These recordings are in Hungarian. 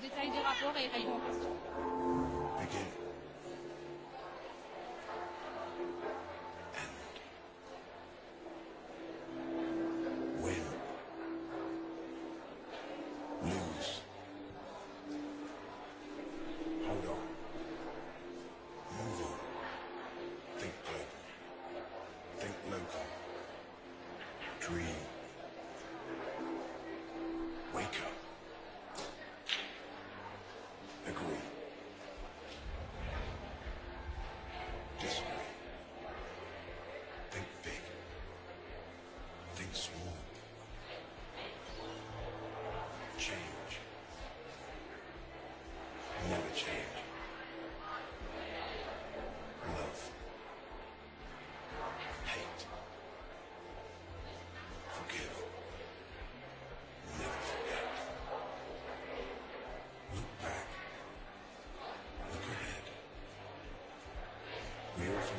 les détails du rapport et règlement Okay.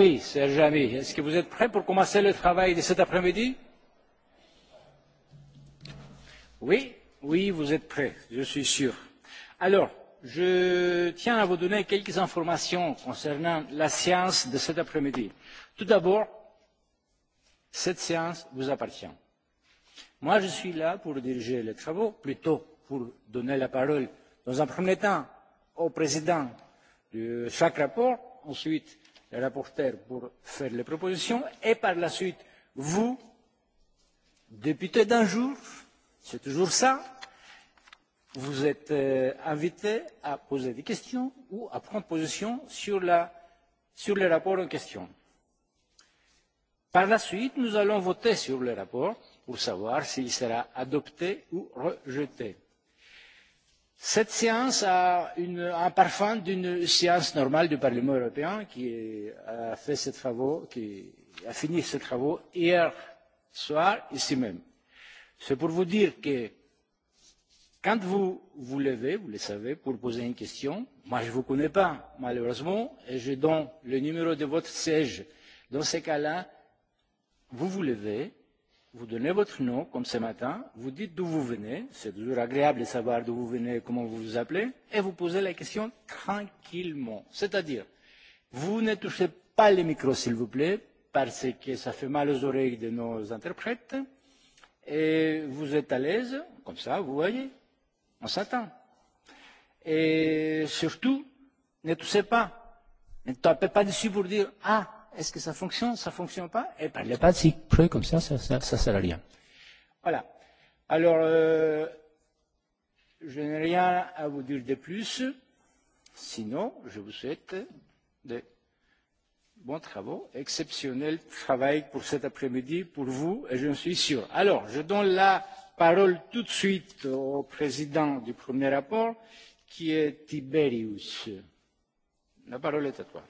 Rjami, Serge Rjami, est-ce que vous êtes prêt pour commencer le travail de cet après-midi Oui, oui, vous êtes prêt, je suis sûr. Alors, je tiens à vous donner quelques informations concernant la séance de cet après-midi. Tout d'abord, cette séance vous appartient. Moi, je suis là pour diriger les travaux, plutôt pour donner la parole dans un premier temps au président de chaque rapport, ensuite le rapporteur pour faire les propositions et par la suite vous, députés d'un jour, c'est toujours ça, vous êtes euh, invités à poser des questions ou à prendre position sur, la, sur le rapport en question. Par la suite, nous allons voter sur le rapport pour savoir s'il sera adopté ou rejeté Cette séance a une, un parfum d'une séance normale du Parlement européen qui a fait ses travaux, qui a fini ses travaux hier soir ici même. C'est pour vous dire que quand vous vous levez, vous le savez, pour poser une question, moi je ne vous connais pas malheureusement, et je donne le numéro de votre siège. Dans ces cas-là, vous vous levez, vous donnez votre nom, comme ce matin, vous dites d'où vous venez, c'est toujours agréable de savoir d'où vous venez et comment vous vous appelez, et vous posez la question tranquillement. C'est-à-dire, vous ne touchez pas les micros, s'il vous plaît, parce que ça fait mal aux oreilles de nos interprètes, et vous êtes à l'aise, comme ça, vous voyez, on s'attend. Et surtout, ne touchez pas, ne tapez pas dessus pour dire « Ah, Est-ce que ça fonctionne Ça fonctionne pas Eh ben, il n'y a pas de cycle près comme ça, ça, ça, ça sert à rien. Voilà. Alors, euh, je n'ai rien à vous dire de plus. Sinon, je vous souhaite de bons travaux, exceptionnel travail pour cet après-midi, pour vous, et je suis sûr. Alors, je donne la parole tout de suite au président du premier rapport, qui est Tiberius. La parole est à toi.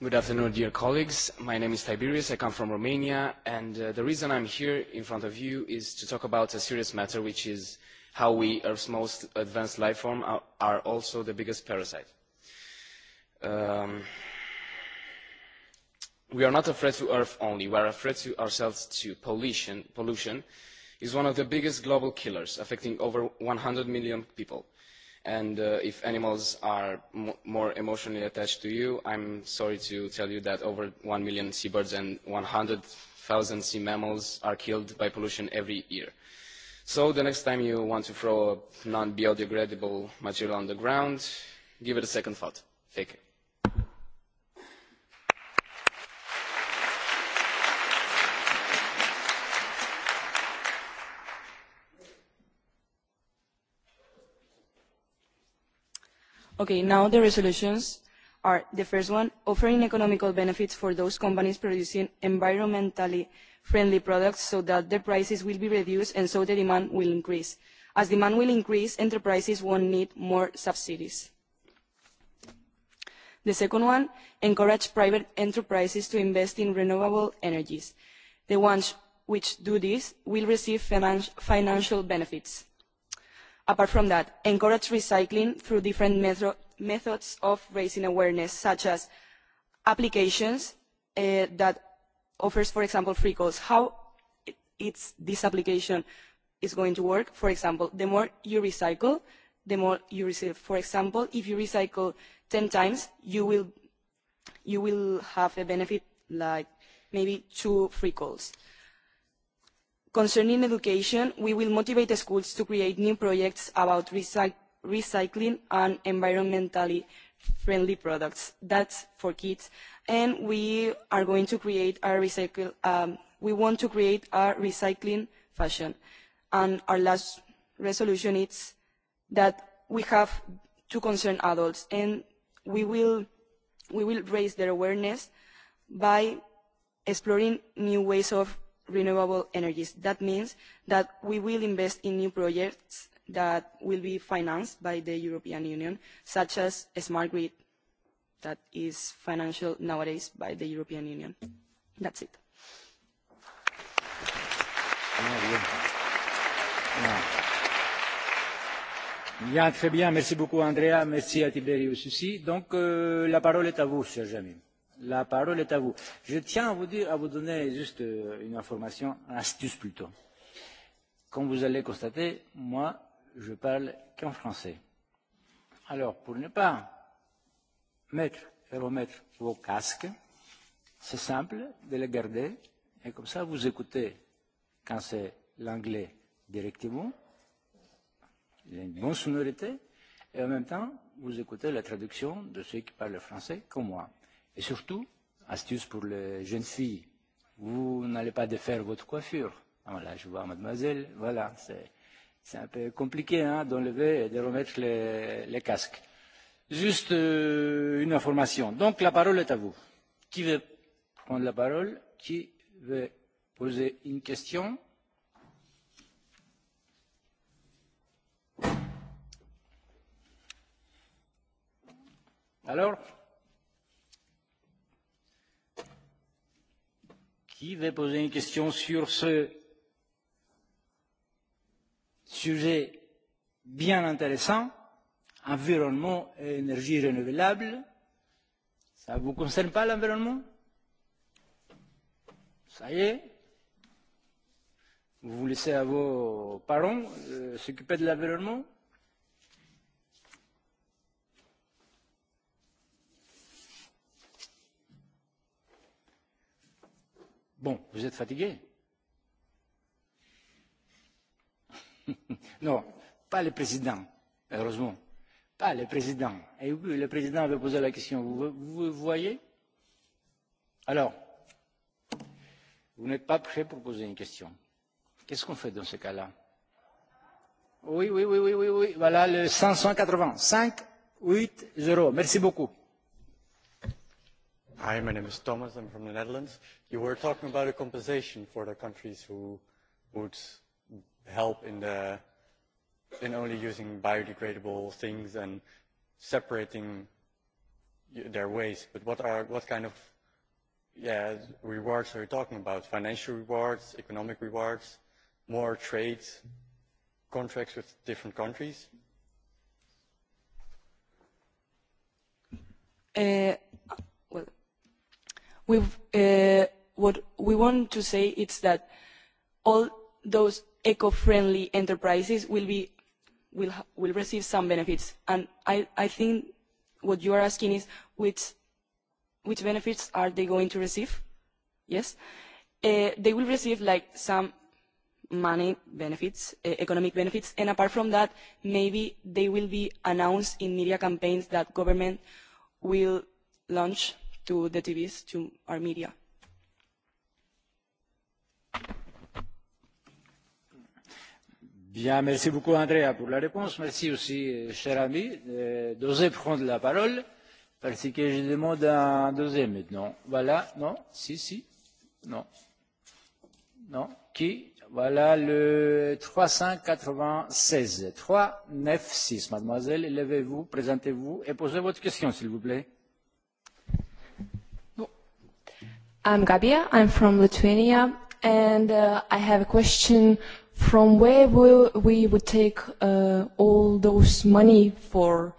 Good afternoon, dear colleagues. My name is Tiberius. I come from Romania, and uh, the reason I'm here in front of you is to talk about a serious matter, which is how we, Earth's most advanced life form, are, are also the biggest parasite. Um, we are not a threat to Earth only. We are a threat to ourselves too. Pollution, pollution is one of the biggest global killers, affecting over 100 million people and uh, if animals are m more emotionally attached to you, I'm sorry to tell you that over 1 million seabirds and 100,000 sea mammals are killed by pollution every year. So the next time you want to throw a non-biodegradable material on the ground, give it a second thought. Thank you. Okay, now the resolutions are the first one, offering economical benefits for those companies producing environmentally friendly products so that the prices will be reduced and so the demand will increase. As demand will increase, enterprises won't need more subsidies. The second one, encourage private enterprises to invest in renewable energies. The ones which do this will receive financial benefits. Apart from that, encourage recycling through different metho methods of raising awareness, such as applications uh, that offers, for example, free calls. How it's this application is going to work. For example, the more you recycle, the more you receive. For example, if you recycle 10 times, you will, you will have a benefit like maybe two free calls. Concerning education, we will motivate schools to create new projects about recycling and environmentally friendly products. That's for kids. And we are going to create a recycle, um, we want to create a recycling fashion. And our last resolution is that we have to concern adults and we will, we will raise their awareness by exploring new ways of renewable energies. That means that we will invest in new projects that will be financed by the European Union, such as a smart grid that is financial nowadays by the European Union. That's it. Bien, très bien. Merci beaucoup, Andrea. Merci à Tiberius aussi. Donc, euh, la parole est à vous, cher Jamie. La parole est à vous. Je tiens à vous, dire, à vous donner juste euh, une information, une astuce plutôt. Comme vous allez constater, moi, je parle qu'en français. Alors, pour ne pas mettre et remettre vos casques, c'est simple de les garder et comme ça vous écoutez quand c'est l'anglais directement, il y a une bonne sonorité, et en même temps vous écoutez la traduction de ceux qui parlent français comme moi. Et surtout, astuce pour les jeunes filles, vous n'allez pas défaire votre coiffure. Ah, là, je vois mademoiselle, voilà, c'est un peu compliqué hein, d'enlever et de remettre les, les casques. Juste euh, une information. Donc la parole est à vous. Qui veut prendre la parole Qui veut poser une question Alors Qui veut poser une question sur ce sujet bien intéressant, environnement et énergie renouvelable Ça ne vous concerne pas l'environnement Ça y est Vous laissez à vos parents euh, s'occuper de l'environnement Bon, vous êtes fatigué Non, pas le président, heureusement. Pas le président. Et oui, le président avait posé la question. Vous, vous voyez Alors, vous n'êtes pas prêt pour poser une question. Qu'est-ce qu'on fait dans ce cas-là Oui, oui, oui, oui, oui, oui. Voilà le 580. 5, 8, 0. Merci beaucoup. Hi, my name is Thomas. I'm from the Netherlands. You were talking about a compensation for the countries who would help in the in only using biodegradable things and separating their waste. But what are what kind of yeah rewards are you talking about? Financial rewards, economic rewards, more trade contracts with different countries? Uh, we uh, what we want to say is that all those eco-friendly enterprises will be will will receive some benefits. And I I think what you are asking is which which benefits are they going to receive? Yes, uh, they will receive like some money benefits, uh, economic benefits, and apart from that, maybe they will be announced in media campaigns that government will launch to the TVs, to our media. Bien, merci beaucoup Andrea pour la réponse. Merci aussi, euh, cher ami, euh, d'oser prendre la parole, parce que je demande un deuxième maintenant. Voilà, non, si, si, non, non, qui Voilà le 396, 396, mademoiselle, levez-vous, présentez-vous et posez votre question, s'il vous plaît. I'm Gabia, I'm from Lithuania, and uh, I have a question from where will we would take uh, all those money for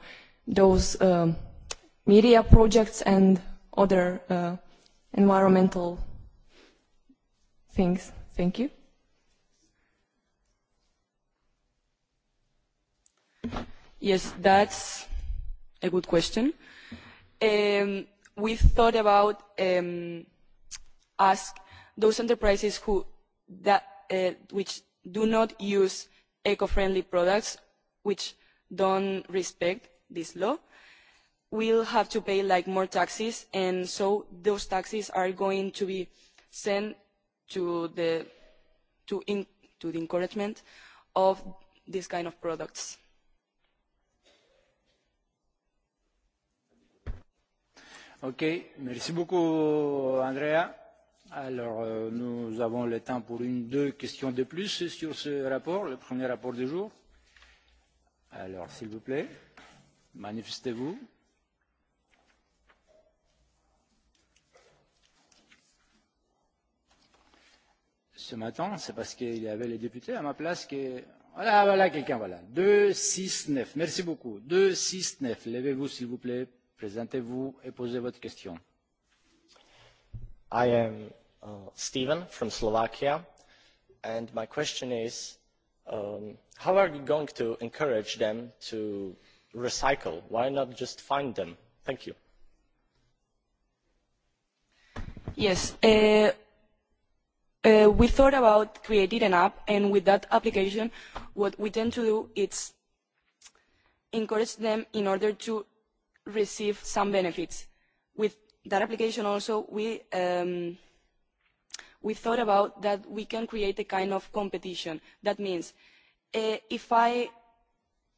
those um, media projects and other uh, environmental things. Thank you. Yes, that's a good question. Um, we thought about um, ask those enterprises who that, uh, which do not use eco-friendly products, which don't respect this law, will have to pay like more taxes, and so those taxes are going to be sent to the to, in, to the encouragement of this kind of products. Okay, merci beaucoup, Andrea. Alors, euh, nous avons le temps pour une, deux questions de plus sur ce rapport, le premier rapport du jour. Alors, s'il vous plaît, manifestez-vous. Ce matin, c'est parce qu'il y avait les députés à ma place que... Voilà, voilà, quelqu'un, voilà. 2, 6, 9. Merci beaucoup. 2, 6, 9. Levez-vous, s'il vous plaît, présentez-vous et posez votre question. I am Uh, Stephen from Slovakia. And my question is, um, how are you going to encourage them to recycle? Why not just find them? Thank you. Yes. Uh, uh, we thought about creating an app, and with that application, what we tend to do is encourage them in order to receive some benefits. With that application also, we um, we thought about that we can create a kind of competition. That means uh, if, I,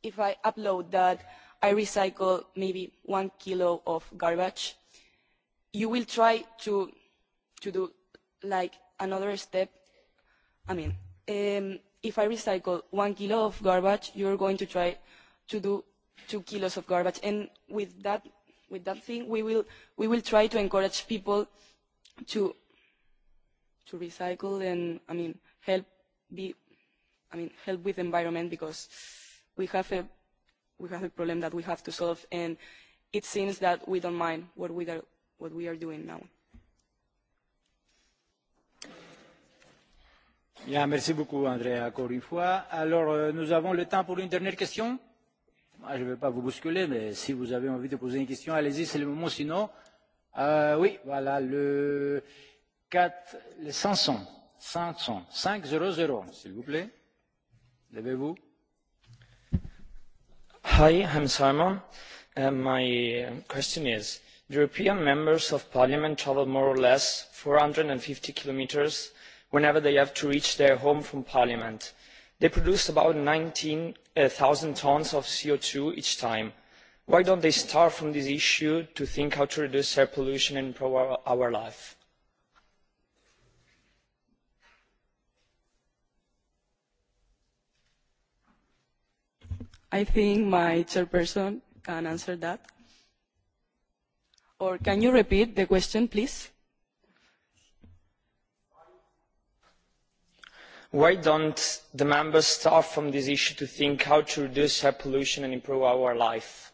if I upload that I recycle maybe one kilo of garbage, you will try to, to do like another step. I mean, um, if I recycle one kilo of garbage, you're going to try to do two kilos of garbage. And with that, with that thing, we will, we will try to encourage people to to recycle and I mean help be I mean help with the environment because we have a we have a problem that we have to solve and it seems that we don't mind what we are what we are doing now. Bien, merci beaucoup Andrea encore une fois. Alors euh, nous avons le temps pour une dernière question. Moi, je ne vais pas vous bousculer, mais si vous avez envie de poser une question, allez-y, c'est le moment. Sinon, euh, oui, voilà le 4, 500, 500, 500, s'il vous plaît. Levez-vous. Hi, I'm Simon. Uh, my uh, question is, the European members of parliament travel more or less 450 kilometers whenever they have to reach their home from parliament. They produce about 19,000 tons of CO2 each time. Why don't they start from this issue to think how to reduce air pollution and improve our, our life? I think my chairperson can answer that. Or can you repeat the question, please? Why don't the members start from this issue to think how to reduce air pollution and improve our life?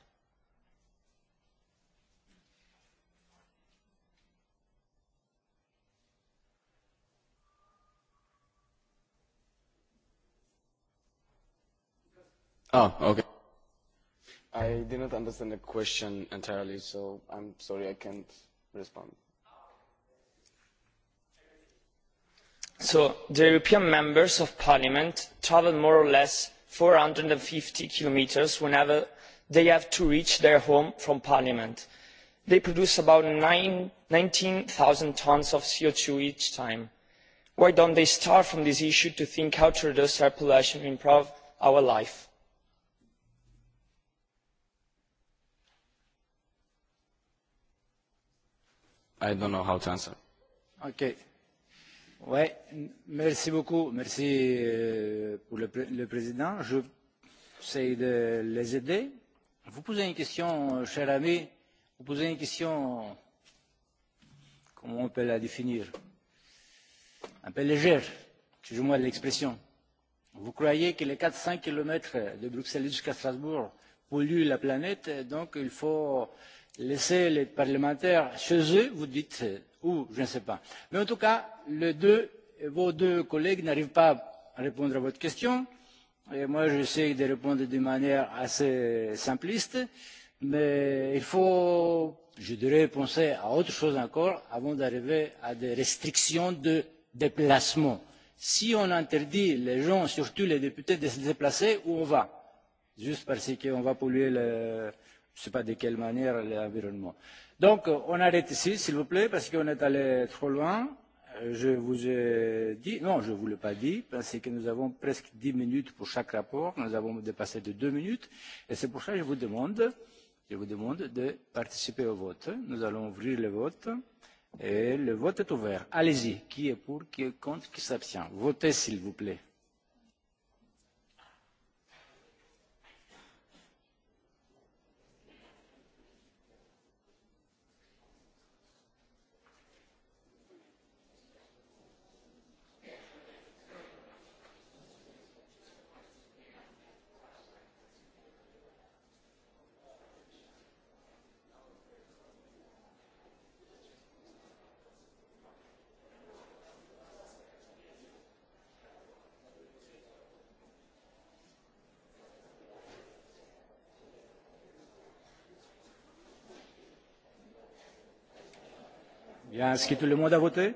Oh, okay. I did not understand the question entirely, so I'm sorry I can't respond. So the European members of parliament travel more or less 450 kilometers whenever they have to reach their home from parliament. They produce about 19,000 tons of CO2 each time. Why don't they start from this issue to think how to reduce air pollution and improve our life? I don't know how to answer. Okay. Ouais, merci beaucoup. Merci euh, pour le, le président. Je essaie de les aider. Vous posez une question, euh, cher ami. Vous posez une question, comment on peut la définir Un peu légère, excusez-moi l'expression. Vous croyez que les 400 km de Bruxelles jusqu'à Strasbourg polluent la planète, donc il faut euh, laisser les parlementaires chez eux, vous dites, euh, ou je ne sais pas. Mais en tout cas, les deux, vos deux collègues n'arrivent pas à répondre à votre question. Et moi, j'essaie de répondre d'une manière assez simpliste, mais il faut, je dirais, penser à autre chose encore avant d'arriver à des restrictions de déplacement. Si on interdit les gens, surtout les députés, de se déplacer, où on va Juste parce qu'on va polluer le, je ne sais pas de quelle manière l'environnement. Donc, euh, on arrête ici, s'il vous plaît, parce qu'on est allé trop loin. Euh, je vous ai dit, non, je ne vous l'ai pas dit, parce que nous avons presque 10 minutes pour chaque rapport. Nous avons dépassé de 2 minutes. Et c'est pour ça que je vous demande, je vous demande de participer au vote. Nous allons ouvrir le vote. Et le vote est ouvert. Allez-y. Qui est pour, qui est contre, qui s'abstient? Votez, s'il vous plaît. Est-ce que tout le monde a voté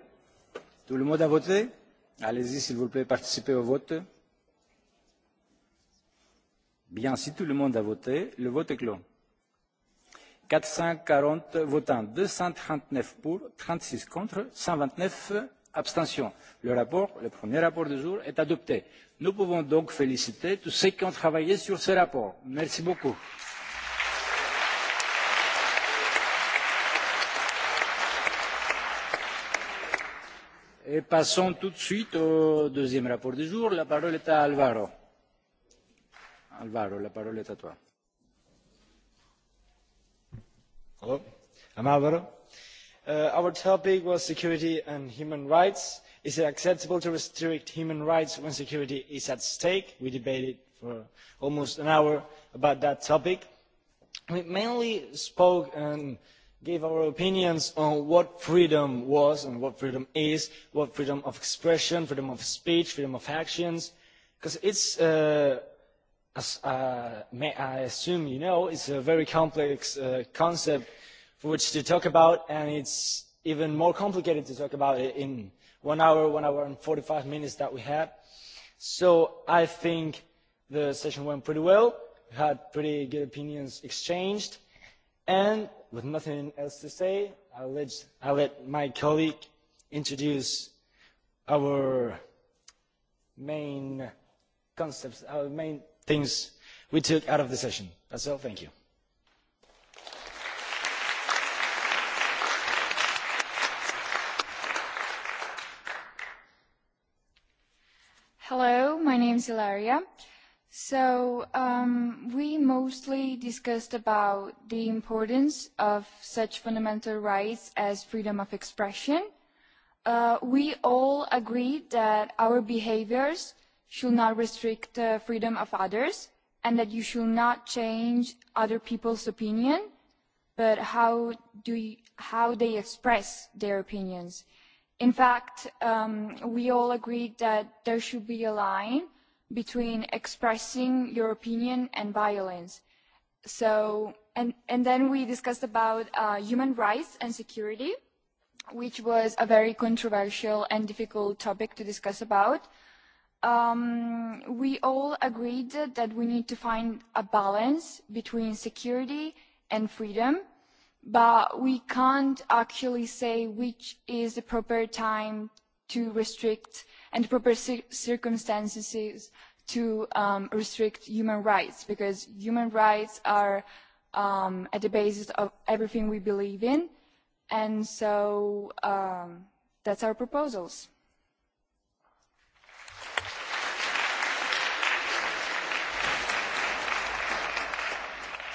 Tout le monde a voté Allez-y, s'il vous plaît, participez au vote. Bien, si tout le monde a voté, le vote est clos. 440 votants, 239 pour, 36 contre, 129 abstentions. Le rapport, le premier rapport du jour, est adopté. Nous pouvons donc féliciter tous ceux qui ont travaillé sur ce rapport. Merci beaucoup. Applaudissements Et passons tout de suite au deuxième rapport du jour. La parole est à Alvaro. Alvaro, la parole est à toi. Hello, I'm Alvaro. Uh, our topic was security and human rights. Is it acceptable to restrict human rights when security is at stake? We debated for almost an hour about that topic. We mainly spoke and um, gave our opinions on what freedom was and what freedom is, what freedom of expression, freedom of speech, freedom of actions, because it's, uh, as uh, I assume you know, it's a very complex uh, concept for which to talk about, and it's even more complicated to talk about it in one hour, one hour and 45 minutes that we had. So I think the session went pretty well. We had pretty good opinions exchanged And with nothing else to say, I'll let, I'll let my colleague introduce our main concepts, our main things we took out of the session. That's all. Thank you. Hello, my name is Ilaria So um, we mostly discussed about the importance of such fundamental rights as freedom of expression. Uh, we all agreed that our behaviors should not restrict the uh, freedom of others and that you should not change other people's opinion, but how, do you, how they express their opinions. In fact, um, we all agreed that there should be a line between expressing your opinion and violence. So, and, and then we discussed about uh, human rights and security, which was a very controversial and difficult topic to discuss about. Um, we all agreed that we need to find a balance between security and freedom, but we can't actually say which is the proper time to restrict and proper cir circumstances to um, restrict human rights because human rights are um, at the basis of everything we believe in. And so um, that's our proposals.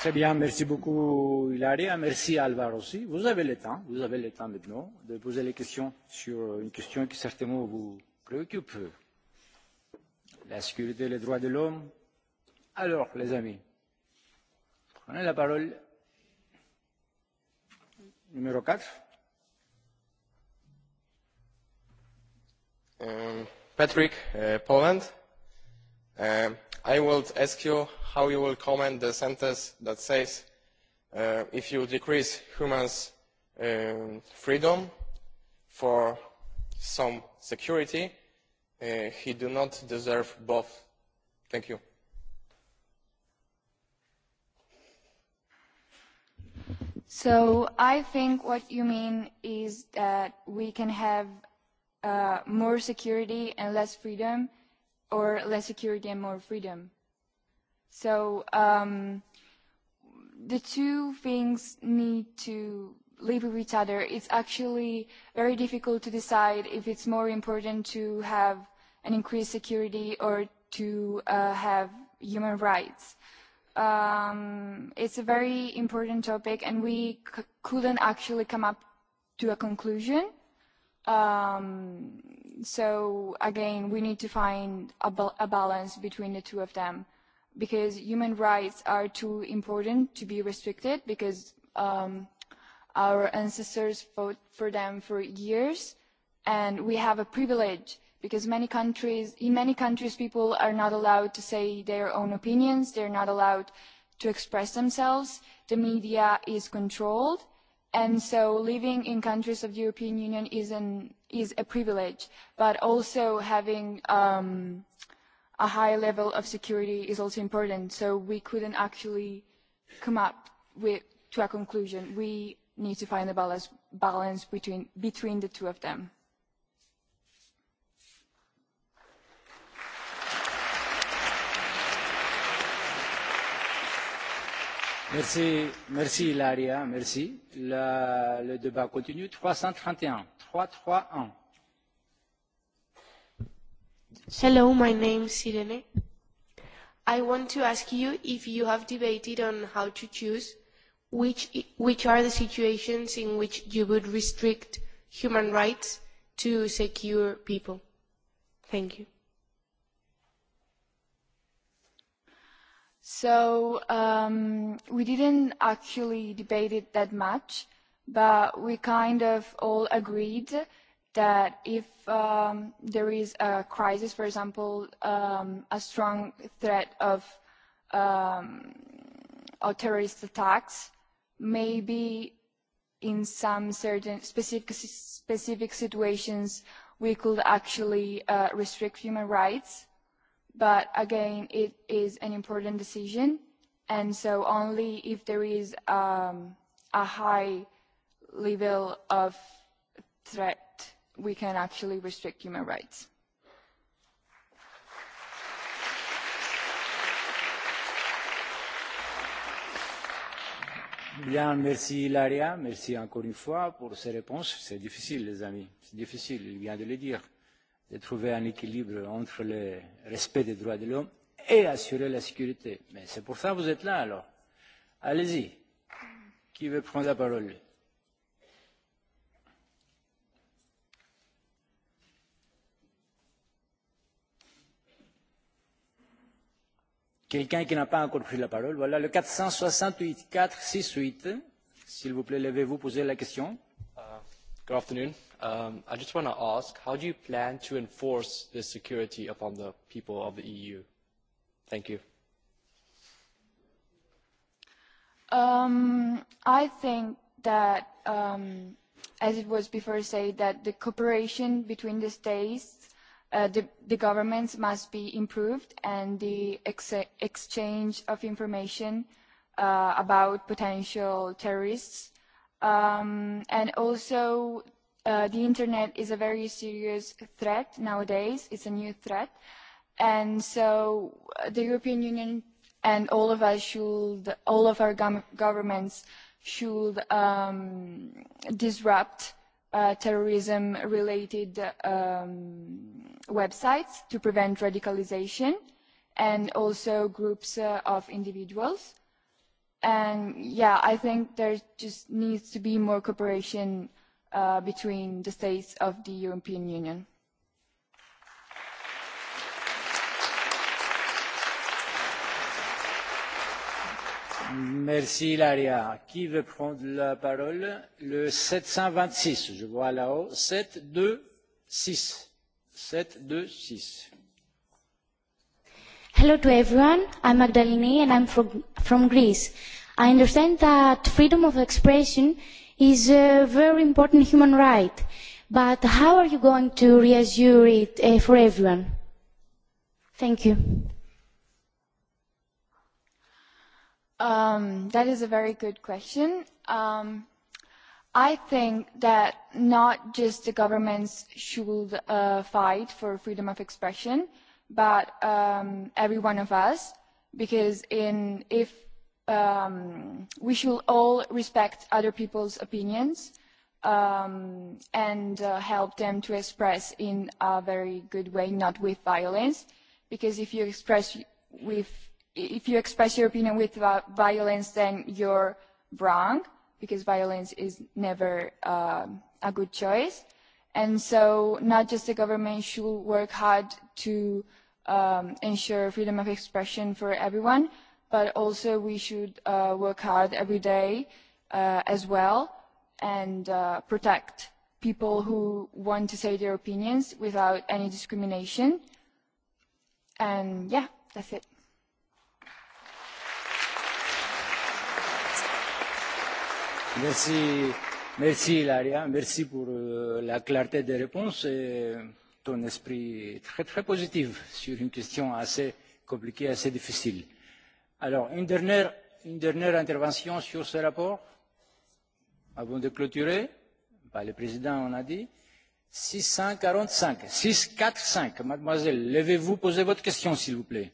Très bien, merci beaucoup Hilaria, merci Alvar aussi. Vous avez le temps, vous avez le temps maintenant de poser les questions sur euh, une question qui certainement vous, préoccupe la sécurité et les droits de l'homme. Alors, les amis, prenez la parole. Numéro 4. Um, Patrick, uh, Poland. Uh, I will ask you how you will comment the sentence that says uh, if you decrease humans' um, freedom for some security, uh, he do not deserve both. Thank you. So I think what you mean is that we can have uh, more security and less freedom, or less security and more freedom. So um, the two things need to live with each other, it's actually very difficult to decide if it's more important to have an increased security or to uh, have human rights. Um, it's a very important topic, and we c- couldn't actually come up to a conclusion. Um, so again, we need to find a, ba- a balance between the two of them, because human rights are too important to be restricted. Because um, Our ancestors fought for them for years, and we have a privilege because many countries, in many countries, people are not allowed to say their own opinions. They're not allowed to express themselves. The media is controlled, and so living in countries of the European Union is an is a privilege. But also having um, a high level of security is also important. So we couldn't actually come up with to a conclusion. We need to find a balance, balance between, between the two of them. Merci, merci Hilaria, merci. La, le débat continue. 331, 331. Hello, my name is Irene. I want to ask you if you have debated on how to choose which, which are the situations in which you would restrict human rights to secure people? Thank you. So um, we didn't actually debate it that much, but we kind of all agreed that if um, there is a crisis, for example, um, a strong threat of, um, or terrorist attacks, maybe in some certain specific, specific situations we could actually uh, restrict human rights. But again, it is an important decision. And so only if there is um, a high level of threat, we can actually restrict human rights. Bien, merci Laria, merci encore une fois pour ces réponses. C'est difficile, les amis, c'est difficile, il vient de le dire, de trouver un équilibre entre le respect des droits de l'homme et assurer la sécurité. Mais c'est pour ça que vous êtes là, alors. Allez-y. Qui veut prendre la parole Quelqu'un qui n'a pas encore pris la parole. Voilà le 468 468. S'il vous plaît, levez-vous, posez la question. Uh, good afternoon. Um, I just want to ask, how do you plan to enforce this security upon the people of the EU? Thank you. Um, I think that, um, as it was before said, that the cooperation between the states Uh, the, the governments must be improved and the ex exchange of information uh, about potential terrorists. Um, and also, uh, the internet is a very serious threat nowadays. It's a new threat. And so uh, the European Union and all of us should, all of our governments should um, disrupt uh, uh, terrorism-related um, websites to prevent radicalization and also groups uh, of individuals. And yeah, I think there just needs to be more cooperation uh, between the states of the European Union. Merci Laria. Qui veut prendre la parole Le 726, je vois là-haut. 7, 2, 6. 7, 2, 6. Hello to everyone. I'm Magdalene and I'm from, from Greece. I understand that freedom of expression is a very important human right. But how are you going to reassure it uh, for everyone? Thank you. Um, that is a very good question. Um, I think that not just the governments should uh, fight for freedom of expression, but um, every one of us, because in if um, we should all respect other people's opinions um, and uh, help them to express in a very good way, not with violence, because if you express with if you express your opinion with violence, then you're wrong because violence is never uh, a good choice. And so, not just the government should work hard to um, ensure freedom of expression for everyone, but also we should uh, work hard every day uh, as well and uh, protect people who want to say their opinions without any discrimination. And yeah, that's it. Merci, merci Ilaria, merci pour euh, la clarté des réponses et ton esprit très très positif sur une question assez compliquée, assez difficile. Alors, une dernière, une dernière intervention sur ce rapport avant de clôturer. Bah, le président en a dit. 645, 645, mademoiselle, levez-vous, posez votre question s'il vous plaît.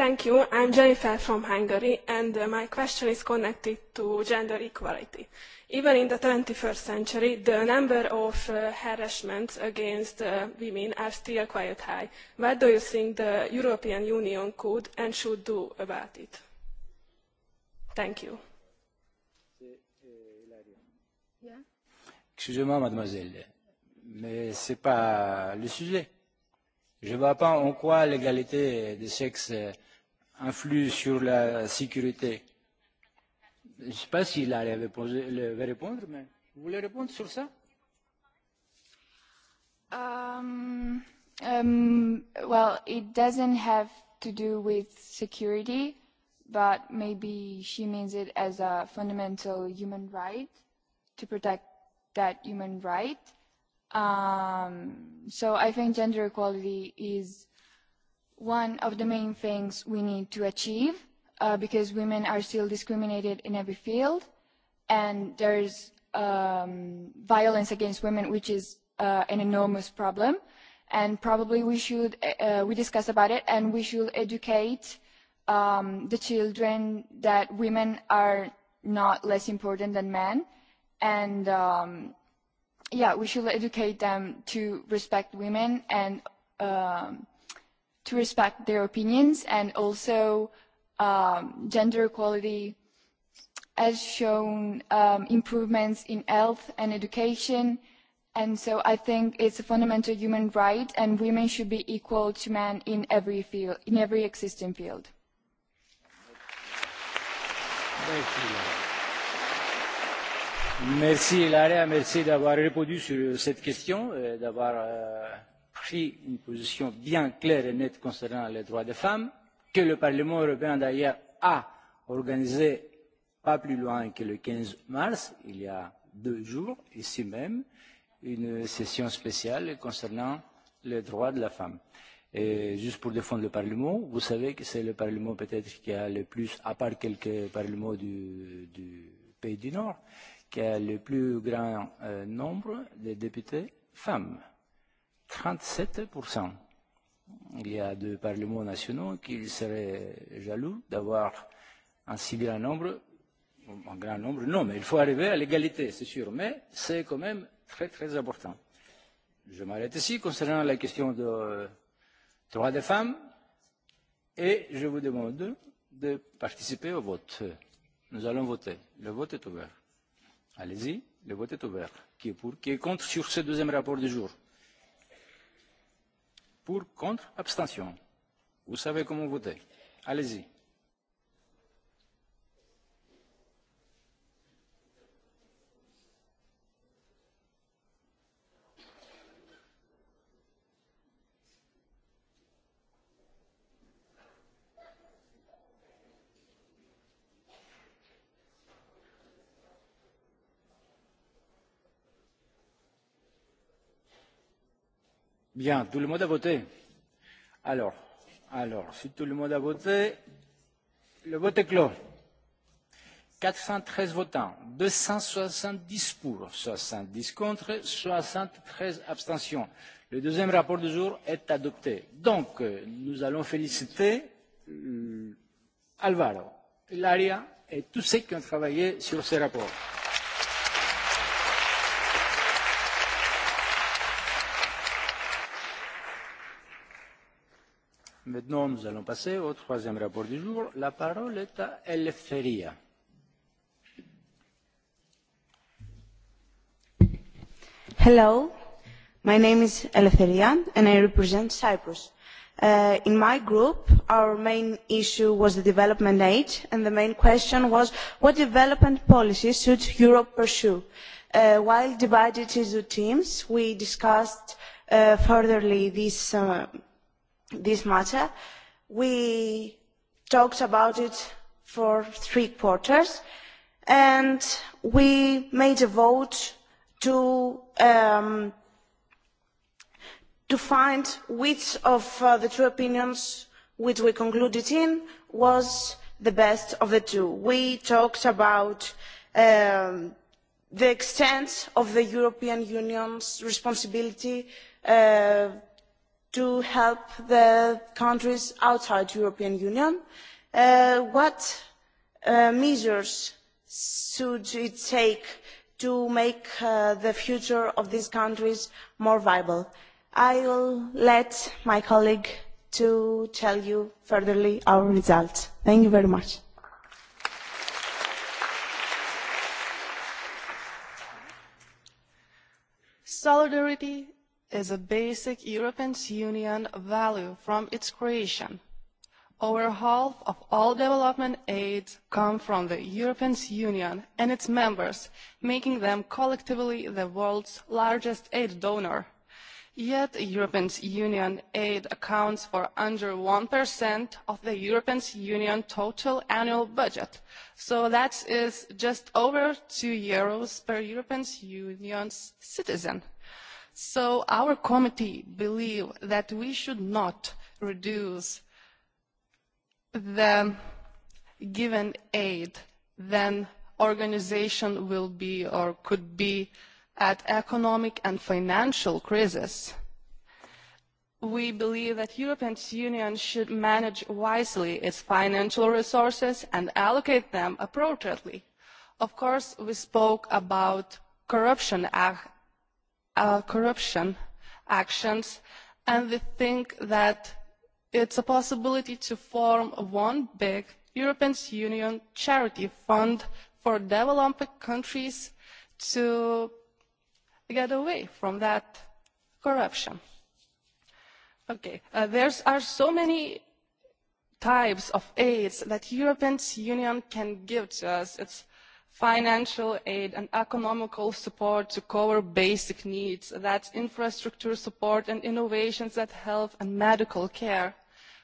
Thank you. I'm Jennifer from Hungary, and uh, my question is connected to gender equality. Even in the 21st century, the number of uh, harassments against uh, women are still quite high. What do you think the European Union could and should do about it? Thank you. Yeah. Excusez-moi, mademoiselle, mais ce n'est pas le sujet. Je ne vois pas en quoi l'égalité des sexes influe sur la sécurité. Je ne sais pas s'il Larry avait va répondre, mais vous voulez répondre sur ça um, um, Well, it doesn't have to do with security, but maybe she means it as a fundamental human right to protect that human right. Um, so I think gender equality is one of the main things we need to achieve uh, because women are still discriminated in every field and there's um, violence against women which is uh, an enormous problem and probably we should uh, uh we discuss about it and we should educate um, the children that women are not less important than men and um, yeah we should educate them to respect women and um, to respect their opinions and also um, gender equality has shown um, improvements in health and education. And so I think it's a fundamental human right and women should be equal to men in every field, in every existing field. Thank you. Merci Hilaria, merci d'avoir répondu sur cette question, euh, d'avoir euh, pris une position bien claire et nette concernant les droits des femmes, que le Parlement européen d'ailleurs a organisé pas plus loin que le 15 mars, il y a deux jours, ici même, une session spéciale concernant les droits de la femme. Et juste pour défendre le Parlement, vous savez que c'est le Parlement peut-être qui a le plus, à part quelques parlements du, du pays du Nord, qui a le plus grand euh, nombre de députés femmes 37%. Il y a deux parlements nationaux qui seraient jaloux d'avoir un si grand nombre, un grand nombre, non, mais il faut arriver à l'égalité, c'est sûr, mais c'est quand même très très important. Je m'arrête ici concernant la question de euh, droits des femmes et je vous demande de participer au vote. Nous allons voter. Le vote est ouvert. Allez-y, le vote est ouvert. Qui est pour Qui est contre sur ce deuxième rapport du jour Pour, contre, abstention. Vous savez comment voter. Allez-y. Bien, tout le monde a voté. Alors, alors, si tout le monde a voté, le vote est clos. 413 votants, 270 pour, 70 contre, 73 abstentions. Le deuxième rapport du jour est adopté. Donc, nous allons féliciter euh, Alvaro, Laria et tous ceux qui ont travaillé sur ce rapport. Maintenant, nous allons passer au troisième rapport du jour. La parole est à Hello, my name is Eleftheria and I represent Cyprus. Uh, in my group, our main issue was the development aid, and the main question was what development policies should Europe pursue? Uh, while divided into teams, we discussed uh, furtherly this uh, this matter. We talked about it for three quarters and we made a vote to um, to find which of uh, the two opinions which we concluded in was the best of the two. We talked about um, the extent of the European Union's responsibility uh, to help the countries outside the European Union. Uh, what uh, measures should it take to make uh, the future of these countries more viable? I will let my colleague tell you further our results. Thank you very much. Solidarity is a basic European Union value from its creation. Over half of all development aid come from the European Union and its members, making them collectively the world's largest aid donor. Yet the European Union aid accounts for under 1% of the European Union total annual budget. So that is just over 2 euros per European Union citizen So our committee believe that we should not reduce the given aid, then organization will be or could be at economic and financial crisis. We believe that European Union should manage wisely its financial resources and allocate them appropriately. Of course, we spoke about Corruption uh, corruption actions, and they think that it's a possibility to form one big European Union charity fund for developing countries to get away from that corruption. Okay, uh, there are so many types of aids that European Union can give to us. It's financial aid and economical support to cover basic needs, that's infrastructure support and innovations that health and medical care.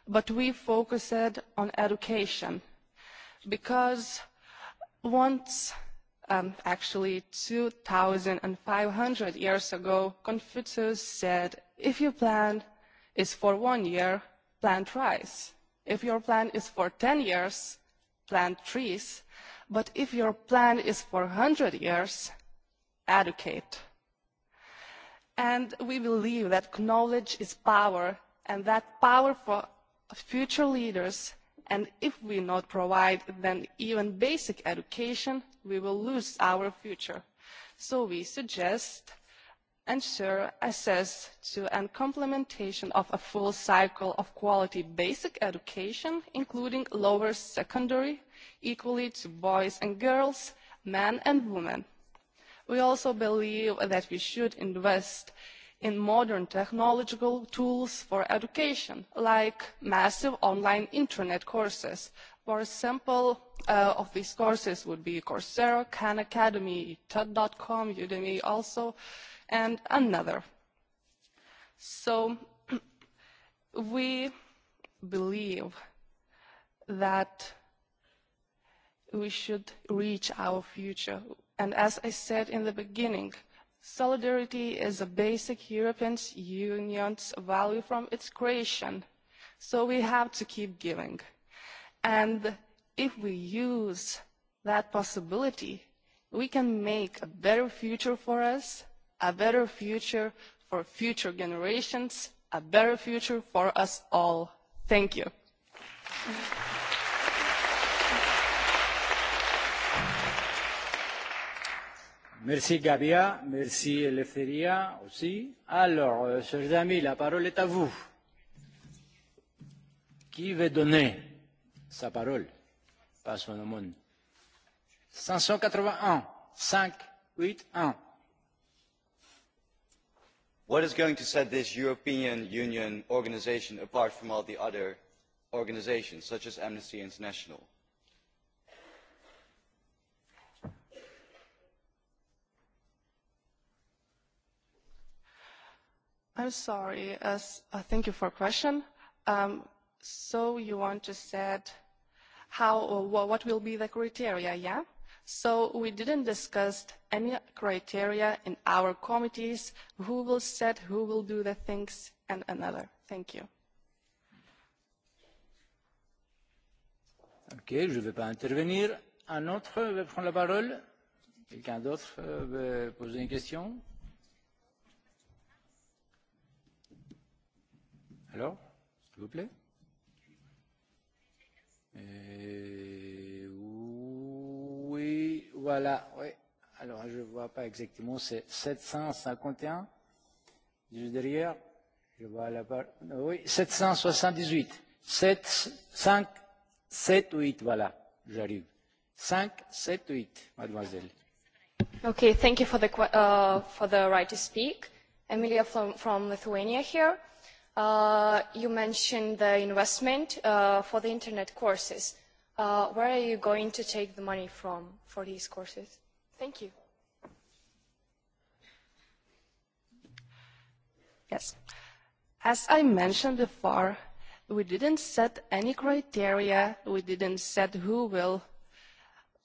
But we focused on education because once, um, actually 2,500 years ago, Confucius said, if your plan is for one year, plant rice. If your plan is for 10 years, plant trees But if your plan is for 100 years, educate. And we believe that knowledge is power, and that power for future leaders. And if we not provide them even basic education, we will lose our future. So we suggest ensure access to and complementation of a full cycle of quality basic education, including lower secondary equally to boys and girls, men and women. We also believe that we should invest in modern technological tools for education, like massive online internet courses. For example, uh, of these courses would be Coursera, Khan Academy, TED.com, Udemy also, and another. So we believe that we should reach our future. And as I said in the beginning, solidarity is a basic European Union's value from its creation. So we have to keep giving. And if we use that possibility, we can make a better future for us, a better future for future generations, a better future for us all. Thank you. Thank you. Merci Gabia, merci Eleftheria aussi. Alors, euh, chers amis, la parole est à vous. Qui veut donner sa parole Pas son 581, 5, 8, 1. What is going to set this European Union organization apart from all the other organizations, such as Amnesty International? I'm sorry. As, uh, thank you for question. Um, so you want to said how or what will be the criteria, yeah? So we didn't discuss any criteria in our committees, who will set, who will do the things, and another. Thank you. Ok, je ne vais pas intervenir. Un autre veut prendre la parole Quelqu'un d'autre euh, veut poser une question Alors, s'il vous plaît. Et... Euh, oui, voilà, oui. Alors, je ne vois pas exactement, c'est 751, juste derrière. Je vois la part. Oui, 778. 7, 5, 7, 8, voilà, j'arrive. 5, 7, 8, mademoiselle. Okay, thank you for the, uh, for the right to speak. Emilia from, from Lithuania here. Uh, you mentioned the investment uh, for the internet courses. Uh, where are you going to take the money from for these courses? Thank you. Yes. As I mentioned before, we didn't set any criteria. We didn't set who will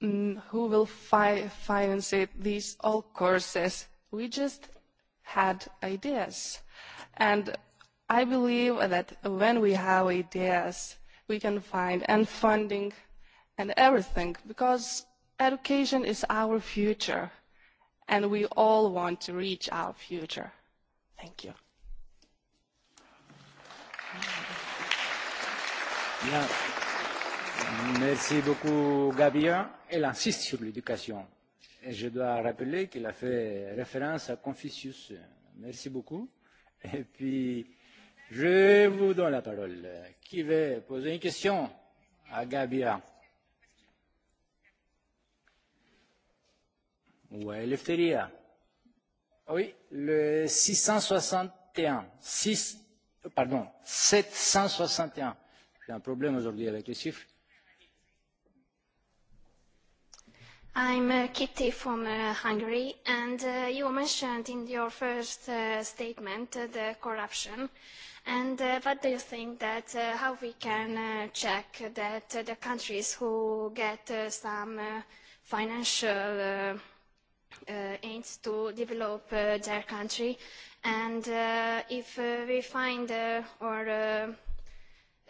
mm, who will fi finance it, these all courses. We just had ideas. And I believe that when we have ideas, we can find and funding and everything because education is our future and we all want to reach our future. Thank you. Bien. Merci beaucoup, Gabia. Elle insiste sur l'éducation. Et je dois rappeler qu'elle a fait référence à Confucius. Merci beaucoup. Et puis, Je vous donne la parole. Qui veut poser une question à Gabia ou à Eleftheria ah Oui, le 661. 6, pardon, 761. J'ai un problème aujourd'hui avec les chiffres. I'm uh, Kitty from uh, Hungary, and uh, you mentioned in your first uh, statement uh, the corruption. Uh, And uh, what do you think that uh, how we can uh, check that uh, the countries who get uh, some uh, financial uh, uh, aids to develop uh, their country, and uh, if uh, we find uh, or uh,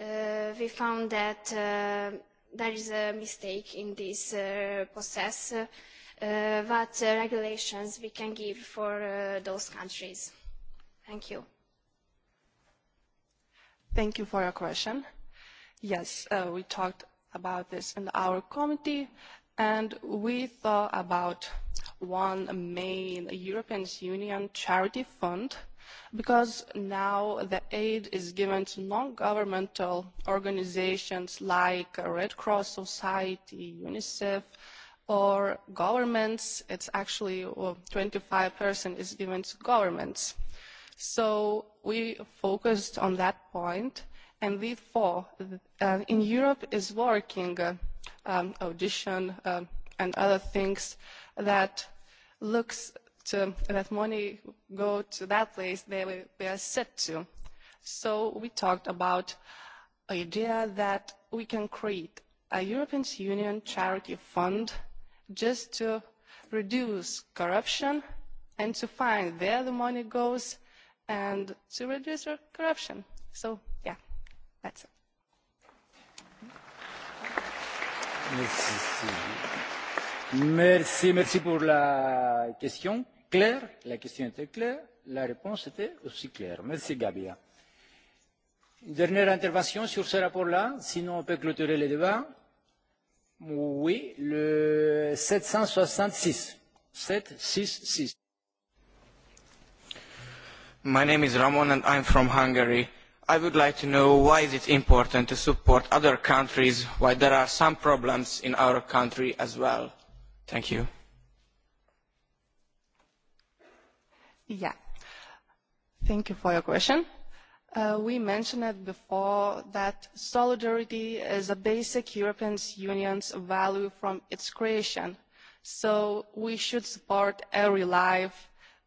uh, we found that uh, there is a mistake in this uh, process, uh, what uh, regulations we can give for uh, those countries? Thank you. Thank you for your question. Yes, uh, we talked about this in our committee, and we thought about one main European Union charity fund because now the aid is given to non-governmental organizations like Red Cross Society, UNICEF, or governments. It's actually well, 25% is given to governments So we focused on that point, and therefore, uh, in Europe is working uh, um, audition uh, and other things that looks to, that money go to that place they, they are set to. So we talked about idea that we can create a European Union charity fund just to reduce corruption and to find where the money goes and to reduce corruption. So, yeah, that's it. Merci. Merci, merci pour la question claire. La question était claire, la réponse était aussi claire. Merci, Gabia. Une dernière intervention sur ce rapport-là, sinon on peut clôturer le débat. Oui, le 766. 766. My name is Ramon and I'm from Hungary. I would like to know why is it important to support other countries while there are some problems in our country as well. Thank you. Yeah. Thank you for your question. Uh, we mentioned it before that solidarity is a basic European Union's value from its creation. So we should support every life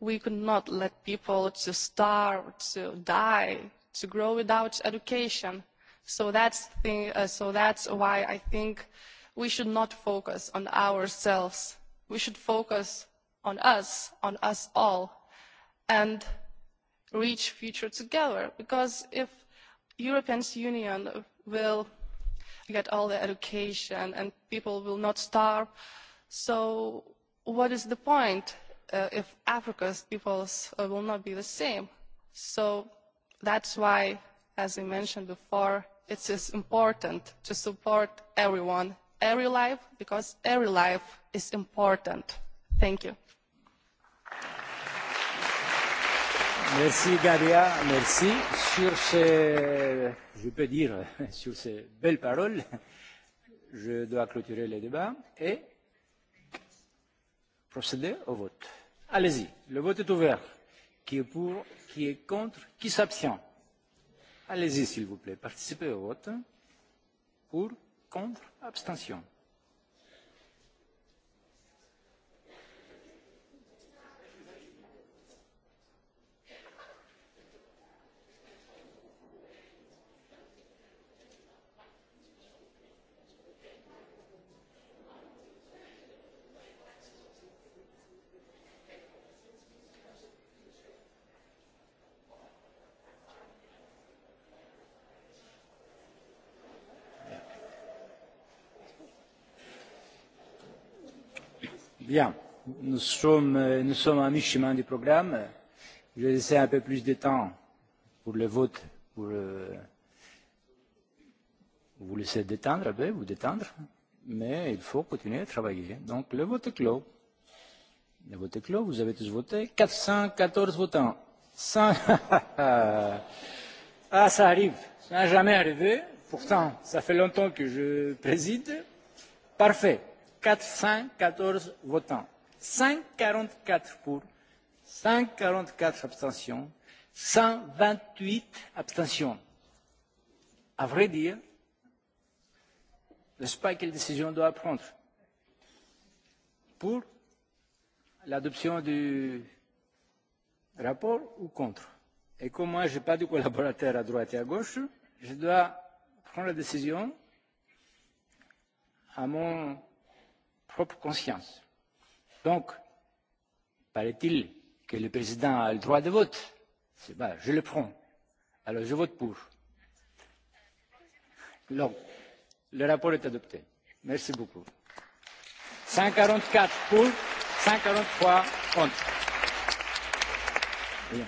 we could not let people to starve, to die, to grow without education. So that's, the, uh, so that's why I think we should not focus on ourselves. We should focus on us, on us all, and reach future together. Because if European Union will get all the education and people will not starve, so what is the point? uh, if Africa's peoples uh, will not be the same. So that's why, as I mentioned before, it is important to support everyone, every life, because every life is important. Thank you. Merci merci. Sur ces, je peux dire, sur ces belles paroles, je dois clôturer le débat et procéder au vote. Allez-y, le vote est ouvert. Qui est pour Qui est contre Qui s'abstient Allez-y, s'il vous plaît, participez au vote. Pour, contre, abstention. Bien, nous sommes, euh, nous sommes à mi-chemin du programme. Je vais laisser un peu plus de temps pour le vote. Pour le... Euh, vous laissez détendre un peu, vous détendre, mais il faut continuer à travailler. Donc le vote est clos. Le vote est clos, vous avez tous voté. 414 votants. 100... ah, ça arrive, ça n'a jamais arrivé. Pourtant, ça fait longtemps que je préside. Parfait. 414 votants, 544 pour, 144 abstentions, 128 abstentions. À vrai dire, n'est-ce pas quelle décision on doit prendre Pour l'adoption du rapport ou contre Et comme moi, je n'ai pas de collaborateurs à droite et à gauche, je dois prendre la décision à mon propre conscience. Donc, paraît-il que le président a le droit de vote pas, Je le prends. Alors, je vote pour. Donc, le rapport est adopté. Merci beaucoup. 144 pour, 143 contre. Bien.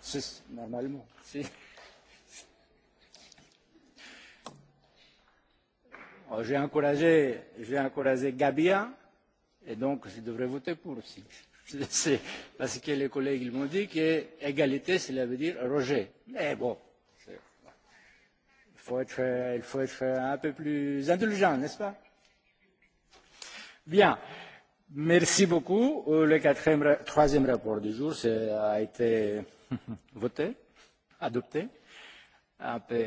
C'est normalement. Si. Oh, j'ai encouragé, j'ai encouragé Gabia, et donc je devrais voter pour aussi. C'est Parce que les collègues ils m'ont dit que égalité, cela veut dire rejet. Mais bon, il faut être, il faut être un peu plus indulgent, n'est-ce pas Bien. Merci beaucoup. Euh, le quatrième, troisième rapport du jour a été voté, adopté, un peu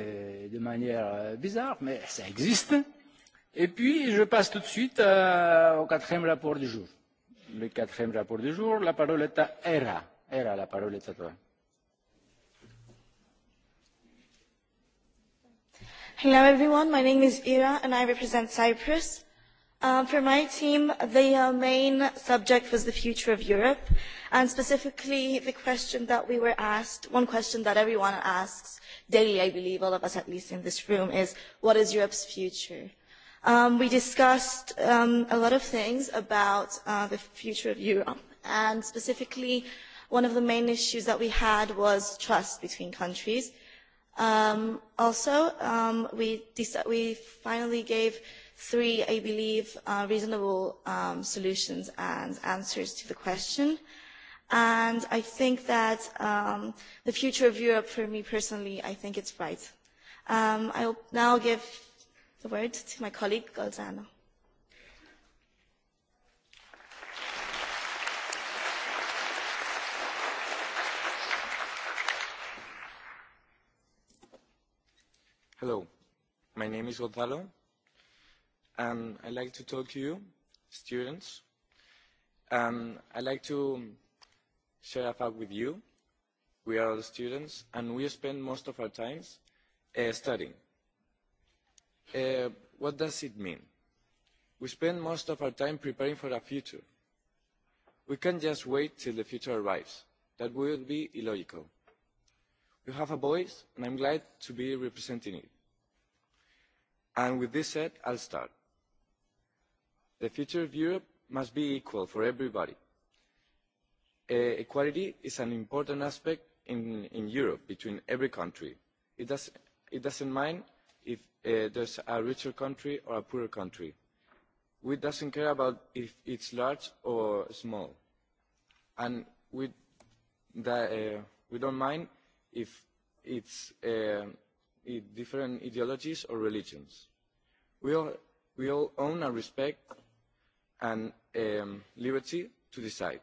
de manière euh, bizarre, mais ça existe. Et puis, je passe tout de suite à, euh, au quatrième rapport du jour. Le quatrième rapport du jour, la parole est à Hera. Hera, la parole est à toi. Hello everyone, my name is Ira and I represent Cyprus. Um, for my team, the uh, main subject was the future of Europe and specifically the question that we were asked, one question that everyone asks daily, I believe, all of us at least in this room, is what is Europe's future? Um, we discussed um, a lot of things about uh, the future of Europe, and specifically, one of the main issues that we had was trust between countries. Um, also, um, we, we finally gave three, I believe, uh, reasonable um, solutions and answers to the question. And I think that um, the future of Europe, for me personally, I think it's bright. Um, I'll now give the to my colleague Golzano. Hello, my name is Gonzalo, and I'd like to talk to you, students. Um, I'd like to share a fact with you. We are all students, and we spend most of our time uh, eh, studying Uh, what does it mean? We spend most of our time preparing for a future. We can't just wait till the future arrives. That would be illogical. We have a voice, and I'm glad to be representing it. And with this said, I'll start. The future of Europe must be equal for everybody. Uh, equality is an important aspect in, in Europe between every country. It, does, it doesn't mind if uh, there's a richer country or a poorer country. We doesn't care about if it's large or small. And we, the, uh, we don't mind if it's uh, different ideologies or religions. We all, we all own and respect and um, liberty to decide.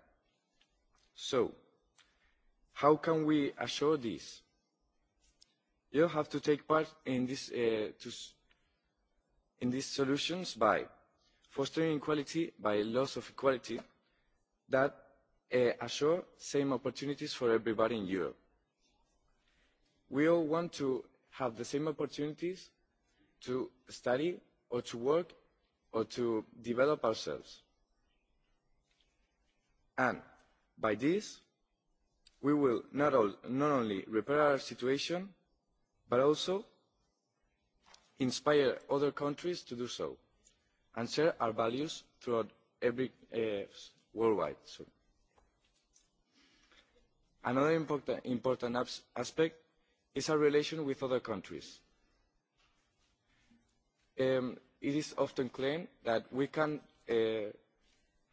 So, how can we assure this? you have to take part in, this, uh, to, s- in these solutions by fostering equality by laws of equality that uh, assure same opportunities for everybody in Europe. We all want to have the same opportunities to study or to work or to develop ourselves. And by this, we will not, all, not only repair our situation, but also inspire other countries to do so and share our values throughout every uh, worldwide. So. Another important, important abs aspect is our relation with other countries. Um, it is often claimed that we can uh,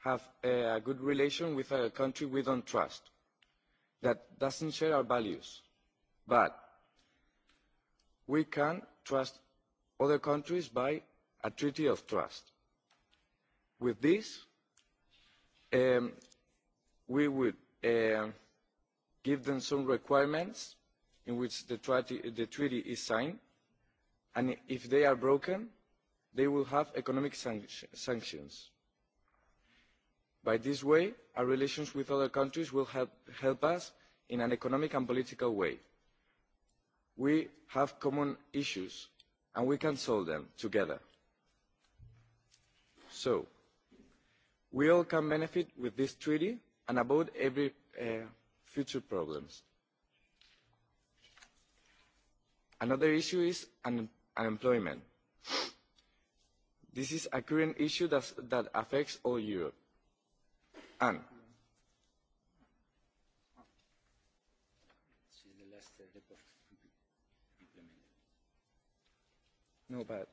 have uh, a good relation with a country we don't trust, that doesn't share our values. But we can trust other countries by a treaty of trust. With this, um, we would uh, give them some requirements in which the treaty, the treaty is signed, and if they are broken, they will have economic sanctions. By this way, our relations with other countries will help, help us in an economic and political way we have common issues and we can solve them together. So, we all can benefit with this treaty and avoid every uh, future problems. Another issue is un unemployment. This is a current issue that affects all Europe. And No, but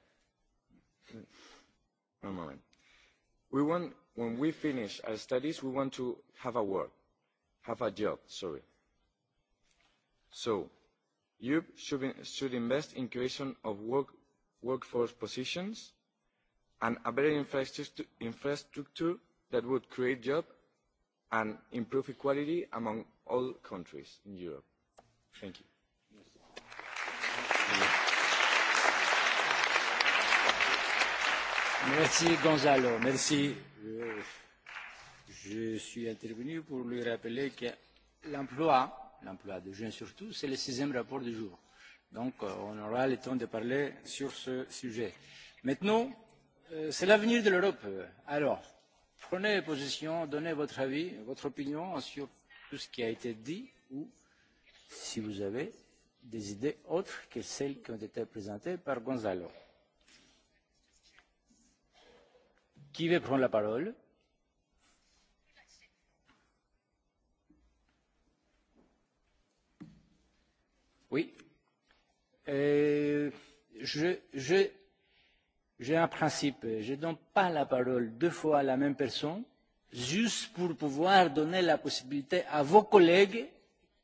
one moment. We want, when we finish our studies, we want to have a work, have a job. Sorry. So, Europe should, be, should invest in creation of work, workforce positions and a better infrastructure, infrastructure that would create jobs and improve equality among all countries in Europe. Thank you. Merci Gonzalo, merci. Je, je suis intervenu pour lui rappeler que l'emploi, l'emploi des jeunes surtout, c'est le sixième rapport du jour. Donc euh, on aura le temps de parler sur ce sujet. Maintenant, euh, c'est l'avenir de l'Europe. Alors, prenez position, donnez votre avis, votre opinion sur tout ce qui a été dit ou si vous avez des idées autres que celles qui ont été présentées par Gonzalo. Qui veut prendre la parole euh, j'ai un principe. Je ne donne pas la parole deux fois à la même personne, juste pour pouvoir donner la possibilité à vos collègues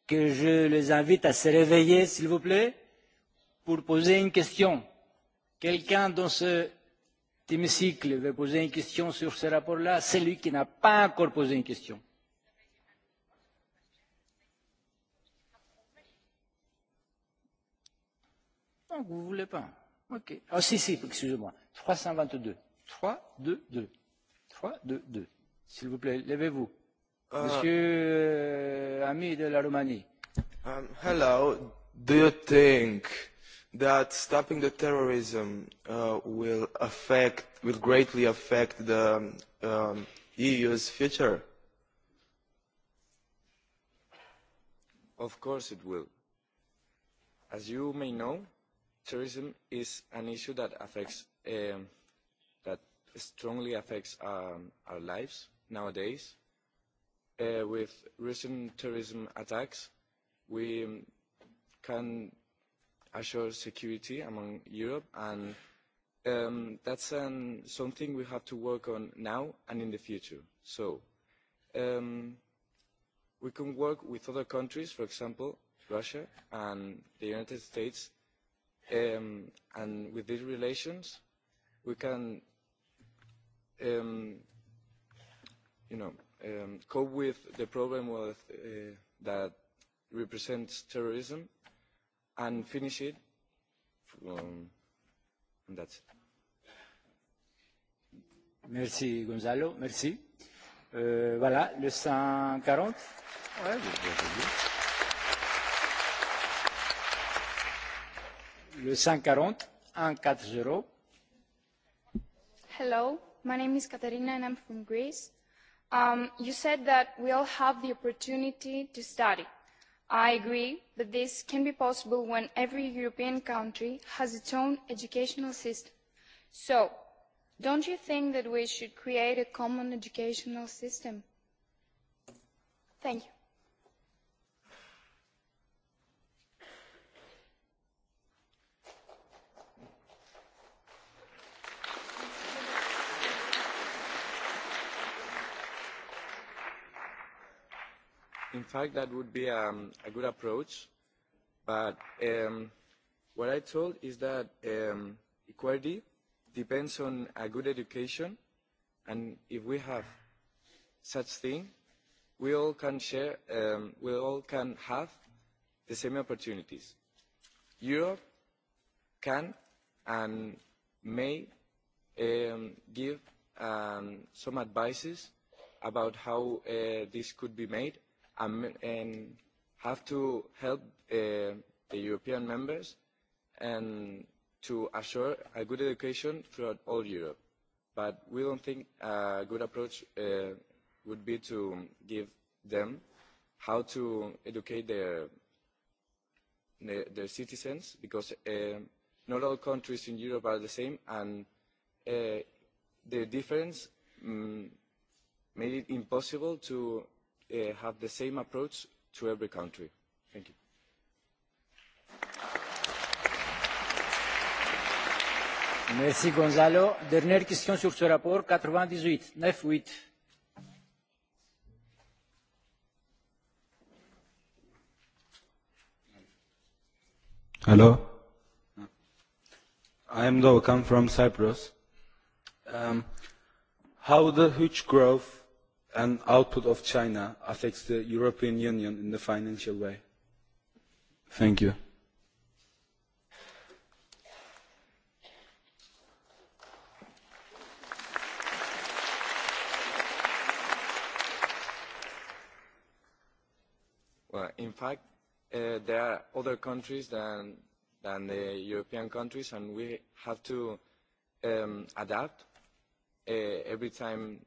que je les invite à se réveiller, s'il vous plaît, pour poser une question. Quelqu'un dans ce hémicycle veut poser une question sur ce rapport là c'est lui qui n'a pas encore posé une question. Donc vous ne voulez pas. Ok. Ah oh, si si, excusez-moi. 322. 3, 2, 2. 3, 2, 2. S'il vous plaît, levez-vous. Uh, Monsieur euh, ami de la Roumanie. Um, hello. Do you think that stopping the terrorism uh, will affect will greatly affect the um, EU's future? Of course it will. As you may know, terrorism is an issue that affects um, that strongly affects um, our lives nowadays. Uh, with recent terrorism attacks, we can assure security among Europe, and um, that's um, something we have to work on now and in the future. So um, we can work with other countries, for example, Russia and the United States, um, and with these relations, we can, um, you know, um, cope with the problem with, uh, that represents terrorism and finish it. Um, and that's it. Merci Gonzalo, merci. Euh, voilà, le 140. Ouais, le 140, 140. Hello, my name is Katerina and I'm from Greece. Um, you said that we all have the opportunity to study I agree that this can be possible when every European country has its own educational system. So, don't you think that we should create a common educational system? Thank you. in fact, that would be um, a good approach. But um, what I told is that um, equality depends on a good education. And if we have such thing, we all can share, um, we all can have the same opportunities. Europe can and may um, give um, some advices about how uh, this could be made um, and have to help uh, the European members and to assure a good education throughout all Europe. But we don't think a good approach uh, would be to give them how to educate their, their, their citizens because uh, not all countries in Europe are the same and uh, the difference um, made it impossible to Uh, have the same approach to every country. Thank you. Merci Gonzalo. Dernière question sur ce rapport, 98, 9-8. Hello. I am come from Cyprus. Um, how the huge growth and output of China affects the European Union in the financial way? Thank you. Well, in fact, uh, there are other countries than, than the European countries, and we have to um, adapt uh, every time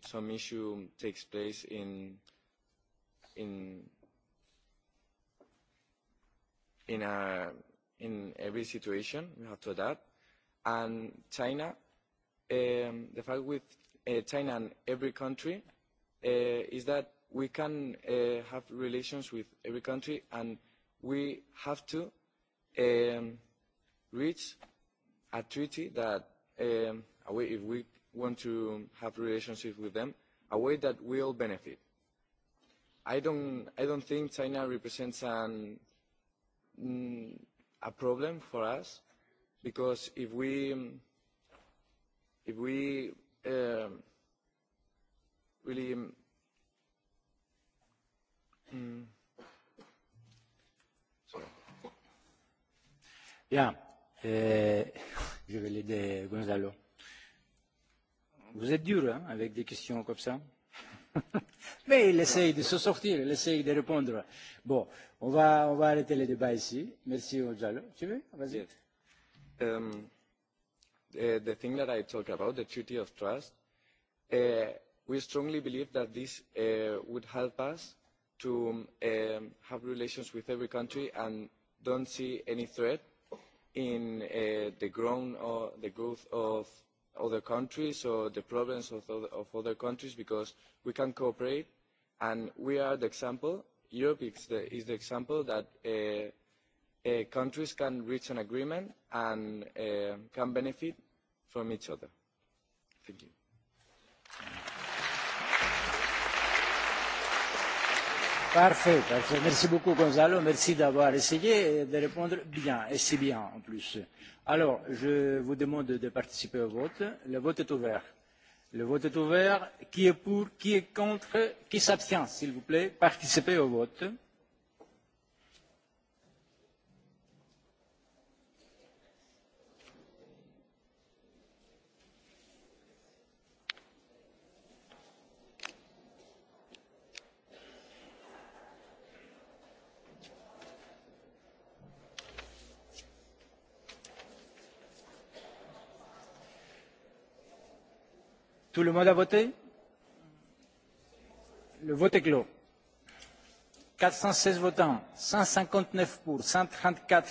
some issue takes place in in in a uh, in every situation we have to adapt and china um, the fact with uh, china and every country uh, is that we can uh, have relations with every country and we have to um, reach a treaty that um, if we want to have relationships with them, a way that we all benefit. I don't, I don't think China represents an, mm, a problem for us because if we, if we uh, really mm, sorry. Yeah, uh, je vais l'aider Gonzalo. Vous êtes dur hein, avec des questions comme ça. Mais il essaye de se sortir, il essaye de répondre. Bon, on va, on va arrêter le débat ici. Merci, Ojalo. Tu veux Vas-y. Yes. Um, the, the thing that I talk about, the treaty of trust, uh, we strongly believe that this uh, would help us to um, have relations with every country and don't see any threat in uh, the, grown or the growth of other countries or the problems of other, countries because we can cooperate and we are the example. Europe is the, is the example that uh, uh, countries can reach an agreement and uh, can benefit from each other. Thank you. Parfait, parfait. Merci beaucoup Gonzalo, merci d'avoir essayé de répondre bien, et si bien en plus. Alors, je vous demande de participer au vote. Le vote est ouvert. Le vote est ouvert. Qui est pour, qui est contre, qui s'abstient, s'il vous plaît, participez au vote. Tout le monde a voté Le vote est clos. 416 votants, 159 pour, 134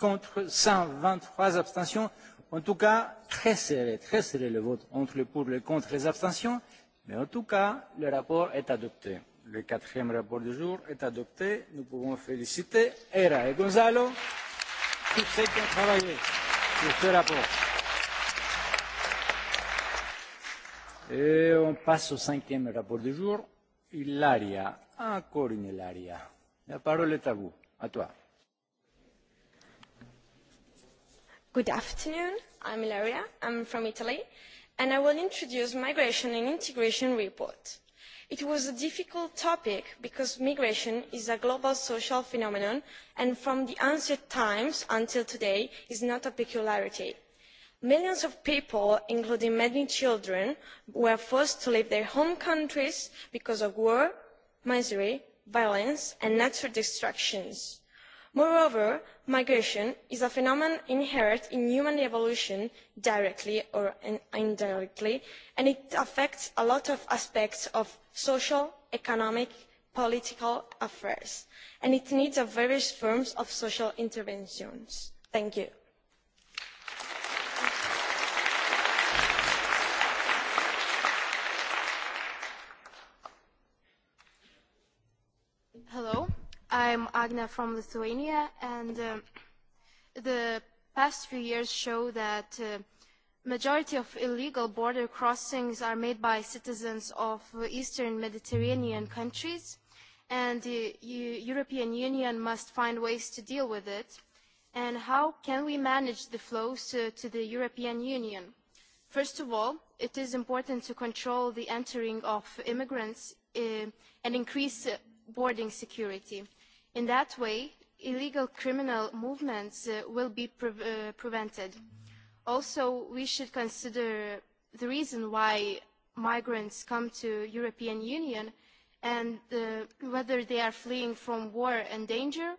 contre, 123 abstentions. En tout cas, très serré, très serré le vote entre le pour, le contre, les abstentions. Mais en tout cas, le rapport est adopté. Le quatrième rapport du jour est adopté. Nous pouvons féliciter Hera et Gonzalo, tous ceux qui ont travaillé sur ce rapport. Et on passe au cinquième rapport du jour. Ilaria, encore une Ilaria. La parole est à vous, à toi. Good afternoon, I'm Ilaria, I'm from Italy, and I will introduce Migration and Integration Report. It was a difficult topic because migration is a global social phenomenon and from the ancient times until today is not a peculiarity millions of people including many children were forced to leave their home countries because of war misery violence and natural destruction. moreover migration is a phenomenon inherent in human evolution directly or indirectly and it affects a lot of aspects of social economic and political affairs and it needs various forms of social intervention. I'm Agne from Lithuania, and uh, the past few years show that uh, majority of illegal border crossings are made by citizens of Eastern Mediterranean countries, and the uh, European Union must find ways to deal with it. And how can we manage the flows to, to the European Union? First of all, it is important to control the entering of immigrants uh, and increase uh, boarding security In that way, illegal criminal movements uh, will be pre uh, prevented. Also, we should consider the reason why migrants come to European Union and uh, whether they are fleeing from war and danger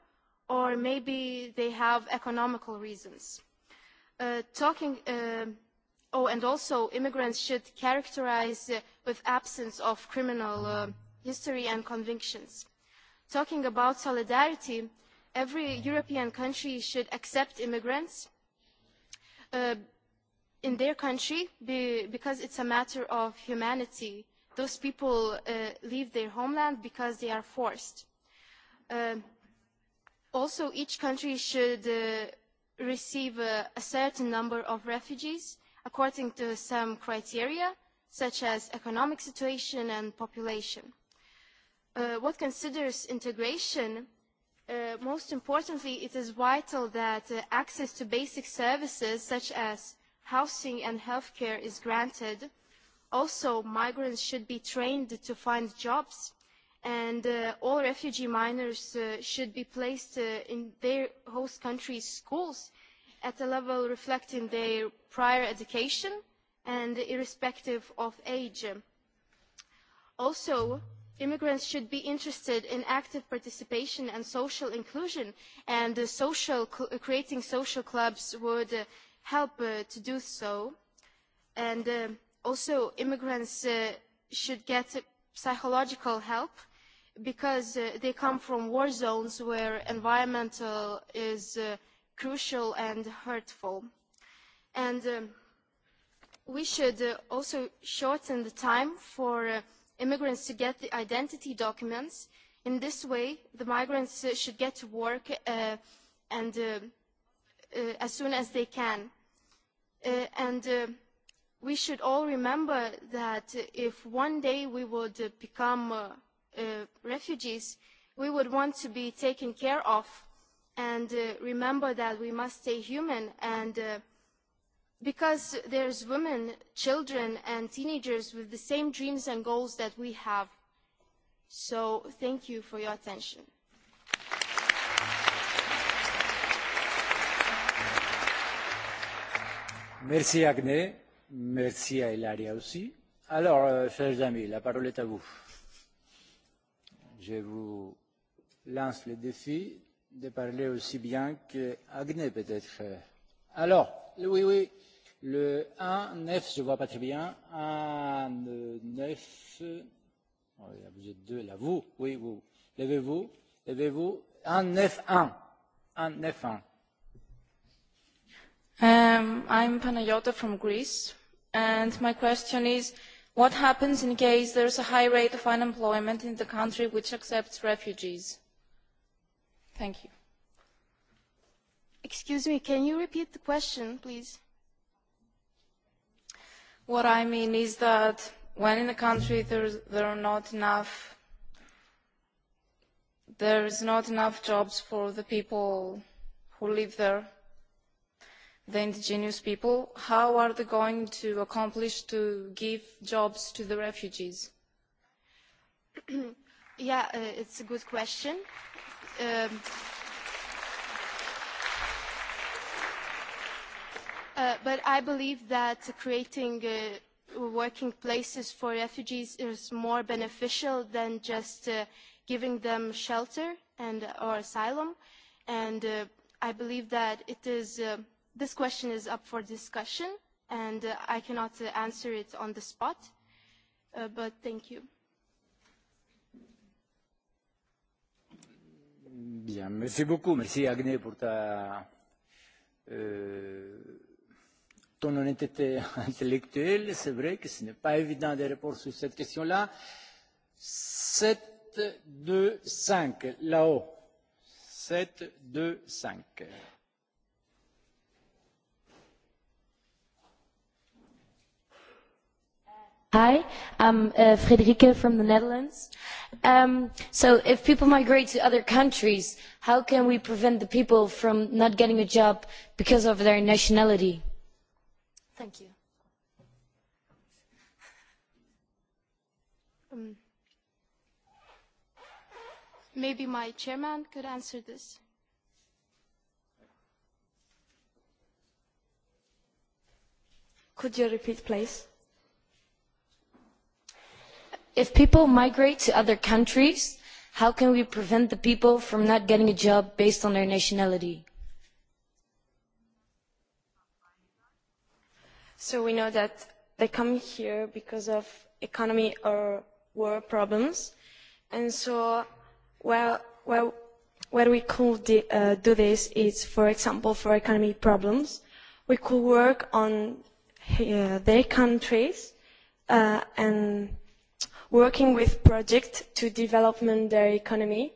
or maybe they have economical reasons. Uh, talking, uh, oh, and also immigrants should characterize uh, with absence of criminal uh, history and convictions talking about solidarity, every European country should accept immigrants uh, in their country be, because it's a matter of humanity. Those people uh, leave their homeland because they are forced. Uh, also, each country should uh, receive a, a certain number of refugees according to some criteria, such as economic situation and population. Uh, what considers integration, uh, most importantly, it is vital that uh, access to basic services such as housing and healthcare is granted. Also, migrants should be trained to find jobs, and uh, all refugee minors uh, should be placed uh, in their host country's schools at a level reflecting their prior education and irrespective of age. Also, immigrants should be interested in active participation and social inclusion, and uh, social creating social clubs would uh, help uh, to do so. And uh, also, immigrants uh, should get psychological help because uh, they come from war zones where environmental is uh, crucial and hurtful. And um, we should uh, also shorten the time for uh, immigrants to get the identity documents. In this way, the migrants uh, should get to work uh, and uh, uh, as soon as they can. Uh, and uh, we should all remember that if one day we would uh, become uh, uh, refugees, we would want to be taken care of and uh, remember that we must stay human and uh, because there's women, children, and teenagers with the same dreams and goals that we have. So thank you for your attention. Merci Agnès, merci à Hilaria aussi. Alors, euh, chers amis, la parole est à vous. Je vous lance le défi de parler aussi bien qu'Agnès peut-être. Alors, oui, oui. Le 1, 9, je ne vois pas très bien. 1, 9. Oh, vous êtes deux là. Vous, oui, vous. Levez-vous. Levez-vous. 1, 9, 1. 1, 9, 1. Um, I'm Panayota from Greece, and my question is, what happens in case there's a high rate of unemployment in the country which accepts refugees? Thank you. Excuse me, can you repeat the question, please? What I mean is that when in a country there's, there are not enough, there is not enough jobs for the people who live there, the indigenous people, how are they going to accomplish to give jobs to the refugees? yeah, uh, it's a good question. Um, Uh, but I believe that creating uh, working places for refugees is more beneficial than just uh, giving them shelter and or asylum. And uh, I believe that it is, uh, this question is up for discussion, and uh, I cannot uh, answer it on the spot. Uh, but thank you. Bien, merci beaucoup. Merci Agne pour ta euh, ton honnêteté intellectuelle. C'est vrai que ce n'est pas évident de répondre sur cette question-là. 7, 2, 5, là-haut. 7, 2, 5. Hi, I'm uh, Frederike from the Netherlands. Um, so, if people migrate to other countries, how can we prevent the people from not getting a job because of their nationality? Thank you. Um, maybe my chairman could answer this. Could you repeat, please? If people migrate to other countries, how can we prevent the people from not getting a job based on their nationality? So we know that they come here because of economy or war problems. And so well, well, where we could uh, do this is, for example, for economy problems, we could work on uh, their countries uh, and working with projects to develop their economy.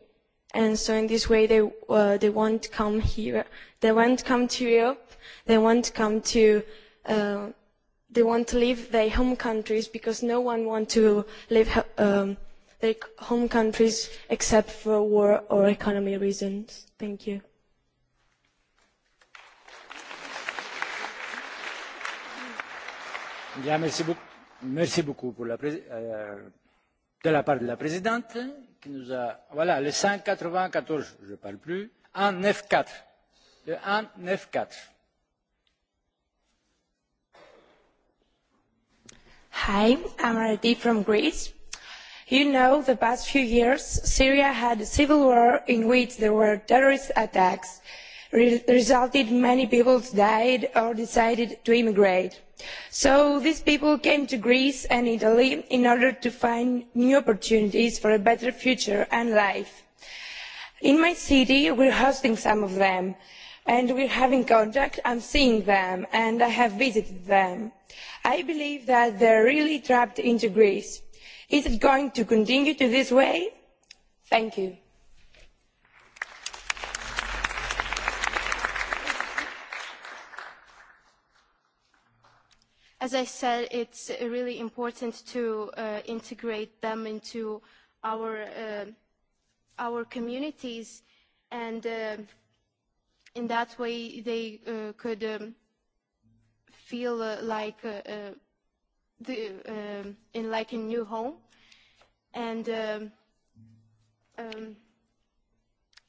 And so in this way, they, uh, they won't come here. They won't come to Europe. They won't come to Um, they want to leave their home countries because no one wants to leave um, their home countries except for war or economy reasons. Thank you. Bien, merci, beaucoup, merci beaucoup pour la, euh, de la part de la présidente qui nous a voilà le 194 je parle plus 194 le 194 Hi, I'm Aradi from Greece. You know, the past few years, Syria had a civil war in which there were terrorist attacks, re- resulted many people died or decided to immigrate. So these people came to Greece and Italy in order to find new opportunities for a better future and life. In my city, we're hosting some of them and we're having contact. I'm seeing them and I have visited them. I believe that they're really trapped into Greece. Is it going to continue to this way? Thank you. As I said, it's really important to uh, integrate them into our uh, our communities and. Uh, in that way they uh, could um, feel uh, like uh, uh, the, uh, in like a new home and um, um,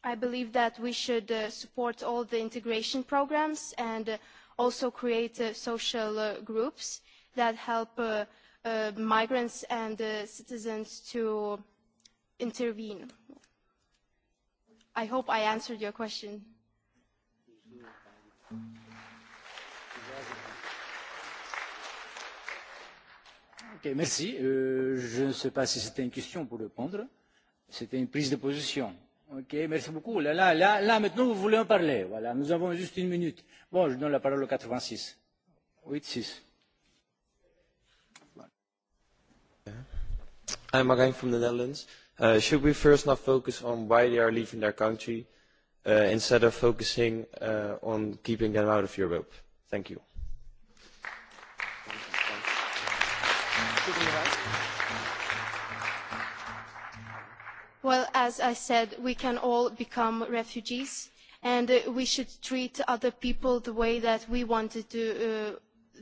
I believe that we should uh, support all the integration programs and uh, also create uh, social uh, groups that help uh, uh, migrants and uh, citizens to intervene. I hope I answered your question. Okay, merci. Euh, je ne sais pas si c'était une question pour répondre. C'était une prise de position. Ok, merci beaucoup. Là, là, là, là, maintenant, vous voulez en parler. Voilà, nous avons juste une minute. Bon, je donne la parole au 86. 86. I'm again from the Netherlands. Uh, should we first not focus on why they are leaving their country uh, instead of focusing uh, on keeping them out of Europe. Thank you. Well, as I said, we can all become refugees and uh, we should treat other people the way that we wanted to, uh,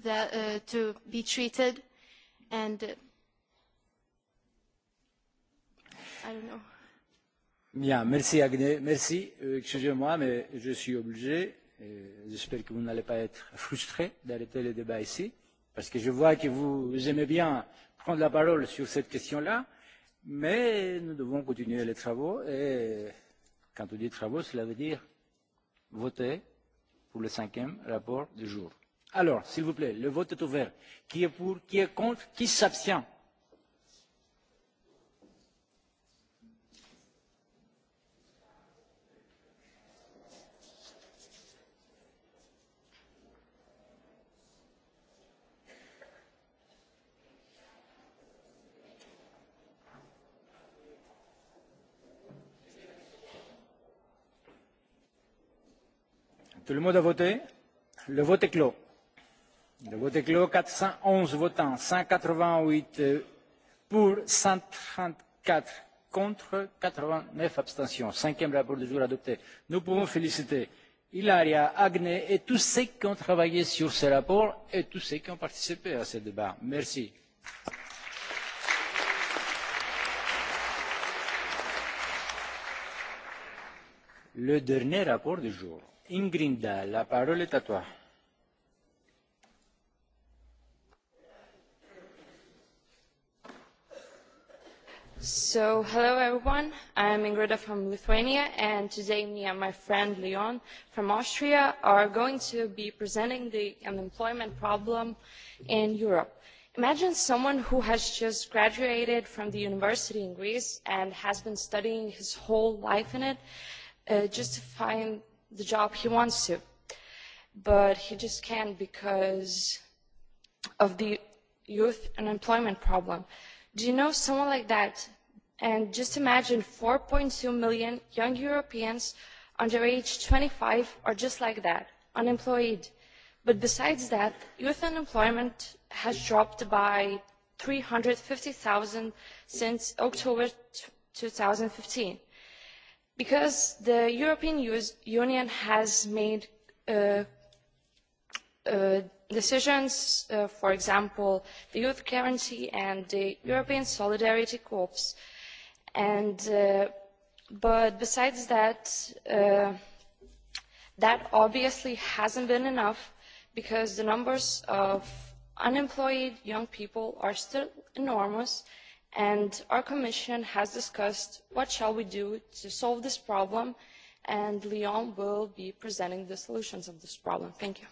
that, uh, to be treated. And uh, I don't know. Bien, merci Agne, merci. Euh, Excusez-moi, mais je suis obligé. J'espère que vous n'allez pas être frustré d'arrêter le débat ici, parce que je vois que vous aimez bien prendre la parole sur cette question-là, mais nous devons continuer les travaux. Et quand on dit travaux, cela veut dire voter pour le cinquième rapport du jour. Alors, s'il vous plaît, le vote est ouvert. Qui est pour Qui est contre Qui s'abstient Tout le monde a voté Le vote est clos. Le vote est clos. 411 votants, 188 euh, pour, 134 contre, 89 abstentions. Cinquième rapport du jour adopté. Nous pouvons féliciter Ilaria, Agnès et tous ceux qui ont travaillé sur ce rapport et tous ceux qui ont participé à ce débat. Merci. Le dernier rapport du jour So, hello everyone. i am Ingrida from Lithuania, and today me and my friend Leon from Austria are going to be presenting the unemployment problem in Europe. Imagine someone who has just graduated from the university in Greece and has been studying his whole life in it uh, just to find the job he wants to. But he just can't because of the youth unemployment problem. Do you know someone like that? And just imagine 4.2 million young Europeans under age 25 are just like that, unemployed. But besides that, youth unemployment has dropped by 350,000 since October 2015 because the European Union has made uh, uh, decisions, uh, for example, the Youth Guarantee and the European Solidarity Corps. And, uh, but besides that, uh, that obviously hasn't been enough because the numbers of unemployed young people are still enormous and our commission has discussed what shall we do to solve this problem and Lyon will be presenting the solutions of this problem. Thank you.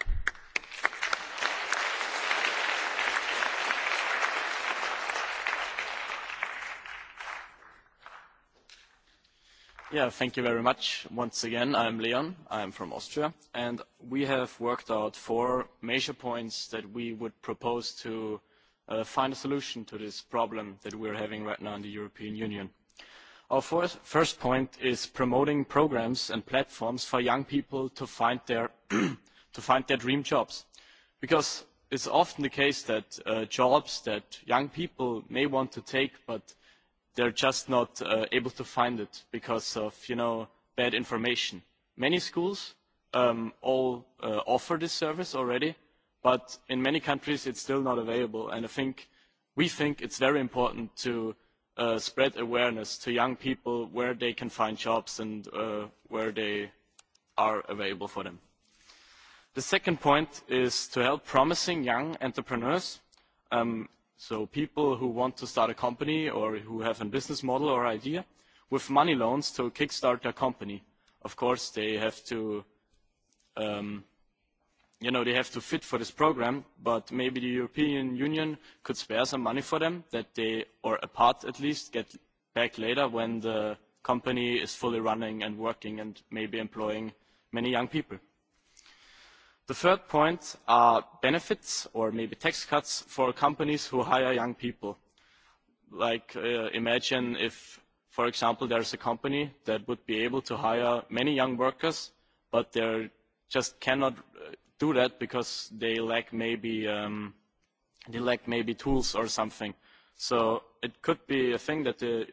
Yeah, thank you very much. Once again, I'm Leon. I'm from Austria, and we have worked out four major points that we would propose to Uh, find a solution to this problem that we're having right now in the European Union. Our first, first point is promoting programs and platforms for young people to find their, to find their dream jobs. Because it's often the case that uh, jobs that young people may want to take, but they're just not uh, able to find it because of, you know, bad information. Many schools um, all uh, offer this service already, but in many countries it is still not available and we think it is very important to uh, spread awareness to young people about where they can find jobs and uh, where they are available for them. The second point is to help promising young entrepreneurs, um, so people who want to start a company or who have a business model or idea, with money loans to kickstart their company. Of course, they have to um, you know, they have to fit for this program, but maybe the European Union could spare some money for them that they, or a part at least, get back later when the company is fully running and working and maybe employing many young people. The third point are benefits or maybe tax cuts for companies who hire young people. Like uh, imagine if, for example, there's a company that would be able to hire many young workers, but they're just cannot uh, do that because they lack maybe um, they lack maybe tools or something. So it could be a thing that the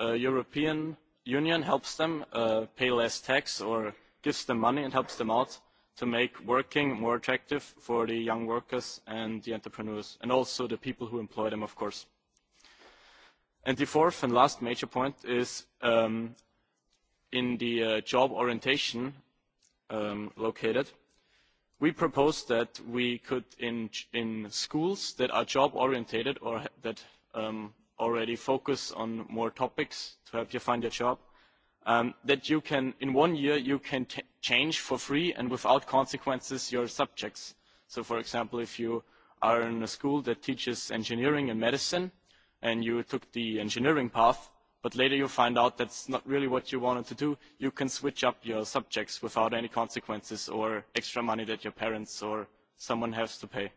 uh, European Union helps them uh, pay less tax or gives them money and helps them out to make working more attractive for the young workers and the entrepreneurs and also the people who employ them, of course. And the fourth and last major point is um, in the uh, job orientation um, located – we propose that we could in, in schools that are job orientated or that um, already focus on more topics to help you find your job um, that you can in one year you can t change for free and without consequences your subjects so for example if you are in a school that teaches engineering and medicine and you took the engineering path but later you find out that's not really what you wanted to do, you can switch up your subjects without any consequences or extra money that your parents or someone has to pay.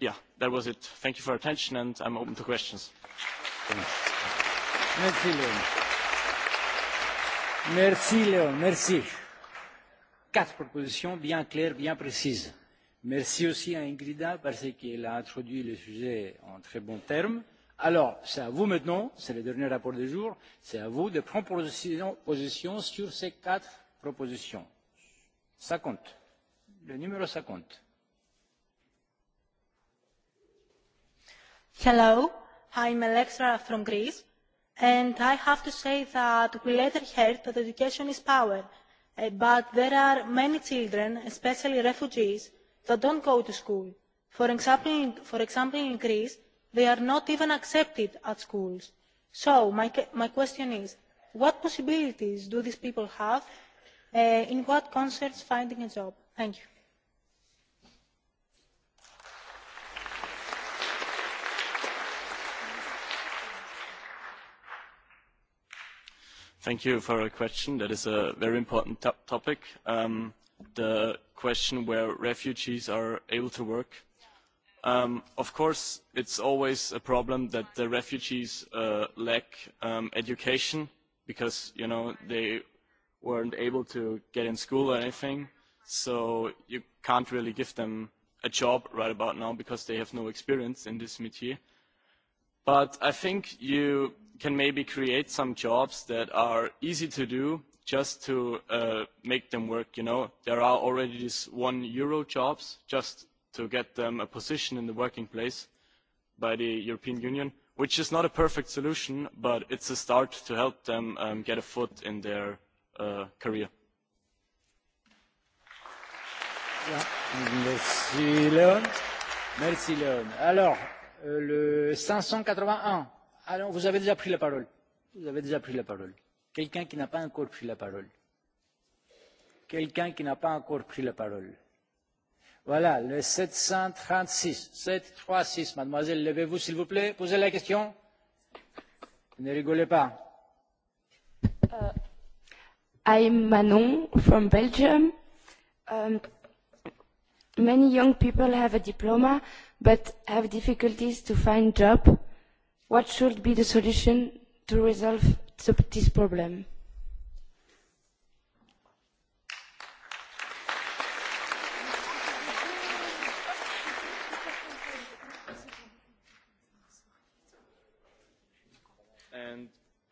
Yeah, that was it. Thank you for your attention, and I'm open to questions. Merci, Léon. Merci, Léon. Merci. Quatre propositions bien claires, bien précises. Merci aussi à Ingrida parce qu'elle a introduit le sujet en très bons termes Alors, c'est à vous maintenant, c'est le dernier rapport du jour, c'est à vous de prendre position, position sur ces quatre propositions. ça compte Le numéro ça compte. Hello, I'm alexa from Greece, and I have to say that we later heard that education is power, eh, but there are many children, especially refugees, that don't go to school. For example, for example in Greece, they are not even accepted at schools. so my, question is what possibilities do these people have uh, in what concerns finding a job? thank you. Thank you for a question. That is a very important topic. Um, the question where refugees are able to work Um, of course, it is always a problem that the refugees uh, lack um, education because they were not able to get into school or anything. So you cannot really give them a job right about now because they have no experience in this métier. But I think you can maybe create some jobs that are easy to do just to uh, make them work. You know, there are already these one euro jobs just to get them a position in the working place by the European Union, which is not a perfect solution, but it's a start to help them um, get a foot in their uh, career. Merci Léon. Merci Léon. Alors, euh, le 581. Alors, ah vous avez déjà pris la parole. Vous avez déjà pris la parole. Quelqu'un qui n'a pas encore pris la parole. Quelqu'un qui n'a pas encore pris la parole. Voilà, le 736. 736, mademoiselle, levez-vous s'il vous plaît, posez la question. Ne rigolez pas. Uh, I'm Manon from Belgium. Um, many young people have a diploma but have difficulties to find job. What should be the solution to resolve this problem?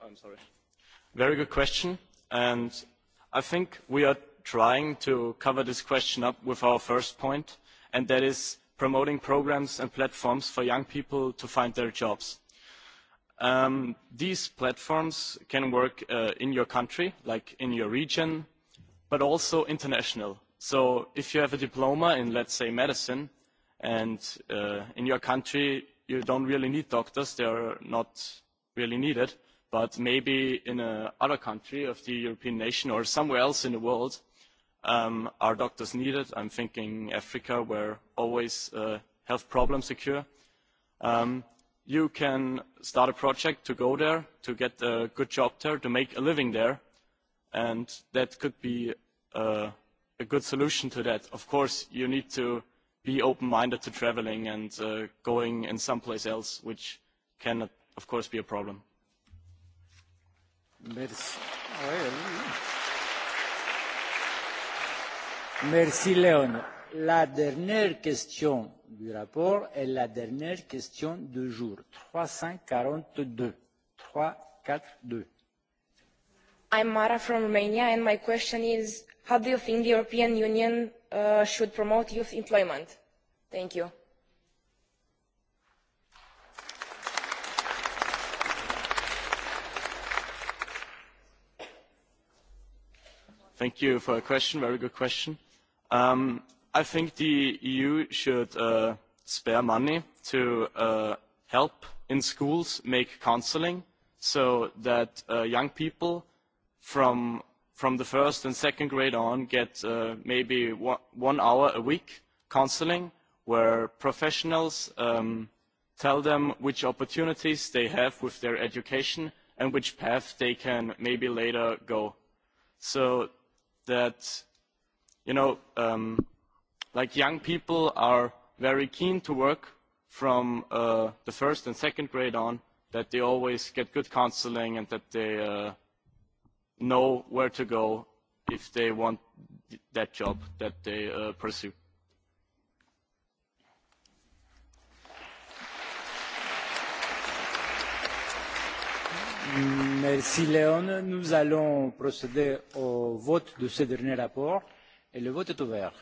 I'm sorry. Very good question. And I think we are trying to cover this question up with our first point, and that is promoting programs and platforms for young people to find their jobs. Um, these platforms can work uh, in your country, like in your region, but also international. So if you have a diploma in, let's say, medicine, and uh, in your country you don't really need doctors, they are not really needed, but maybe in another country of the European nation or somewhere else in the world, um, are doctors needed? I'm thinking Africa, where always uh, health problems occur. Um, you can start a project to go there, to get a good job there, to make a living there, and that could be uh, a good solution to that. Of course, you need to be open-minded to traveling and uh, going in someplace else, which can, of course, be a problem. Merci. Merci Léon. La dernière question du rapport est la dernière question du jour. 342. 342. I'm Mara from Romania and my question is how do you think the European Union uh, should promote youth employment? Thank you. Thank you for a question. Very good question. Um, I think the EU should uh, spare money to uh, help in schools make counseling so that uh, young people from, from the first and second grade on get uh, maybe one, one hour a week counseling where professionals um, tell them which opportunities they have with their education and which path they can maybe later go. So that you know um, like young people are very keen to work from uh, the first and second grade on that they always get good counseling and that they uh, know where to go if they want that job that they uh, pursue. Merci Léon. Nous allons procéder au vote de ce dernier rapport et le vote est ouvert.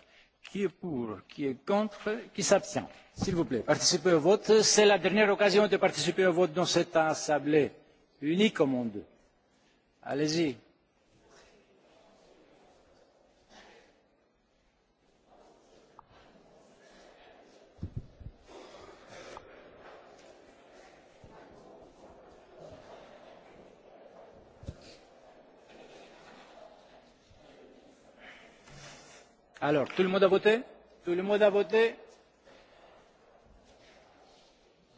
Qui est pour Qui est contre Qui s'abstient S'il vous plaît, participez au vote. C'est la dernière occasion de participer au vote dans cette assemblée unique au monde. Allez-y. Alors, tout le monde a voté Tout le monde a voté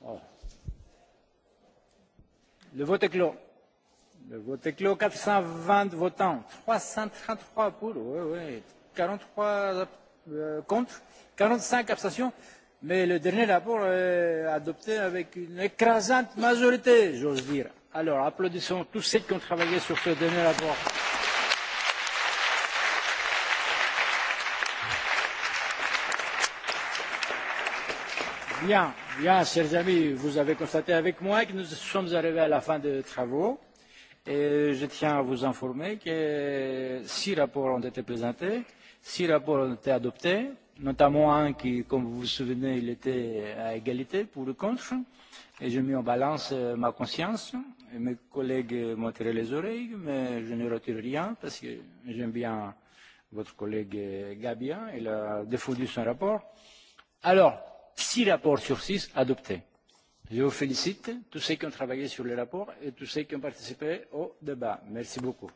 oh. Le vote est clos. Le vote est clos. 420 votants. 333 pour. Oui, oui. 43 euh, contre. 45 abstentions. Mais le dernier rapport est adopté avec une écrasante majorité, j'ose dire. Alors, applaudissons tous ceux qui ont travaillé sur ce dernier rapport. Bien, bien, chers amis, vous avez constaté avec moi que nous sommes arrivés à la fin des travaux. Et je tiens à vous informer que six rapports ont été présentés, six rapports ont été adoptés, notamment un qui, comme vous vous souvenez, il était à égalité pour le contre. Et j'ai mis en balance euh, ma conscience. Et mes collègues m'ont tiré les oreilles, mais je ne retire rien parce que j'aime bien votre collègue Gabia. Il a défendu son rapport. Alors, six rapports sur six adoptés. Je vous félicite, tous ceux qui ont travaillé sur les rapports et tous ceux qui ont participé au débat. Merci beaucoup.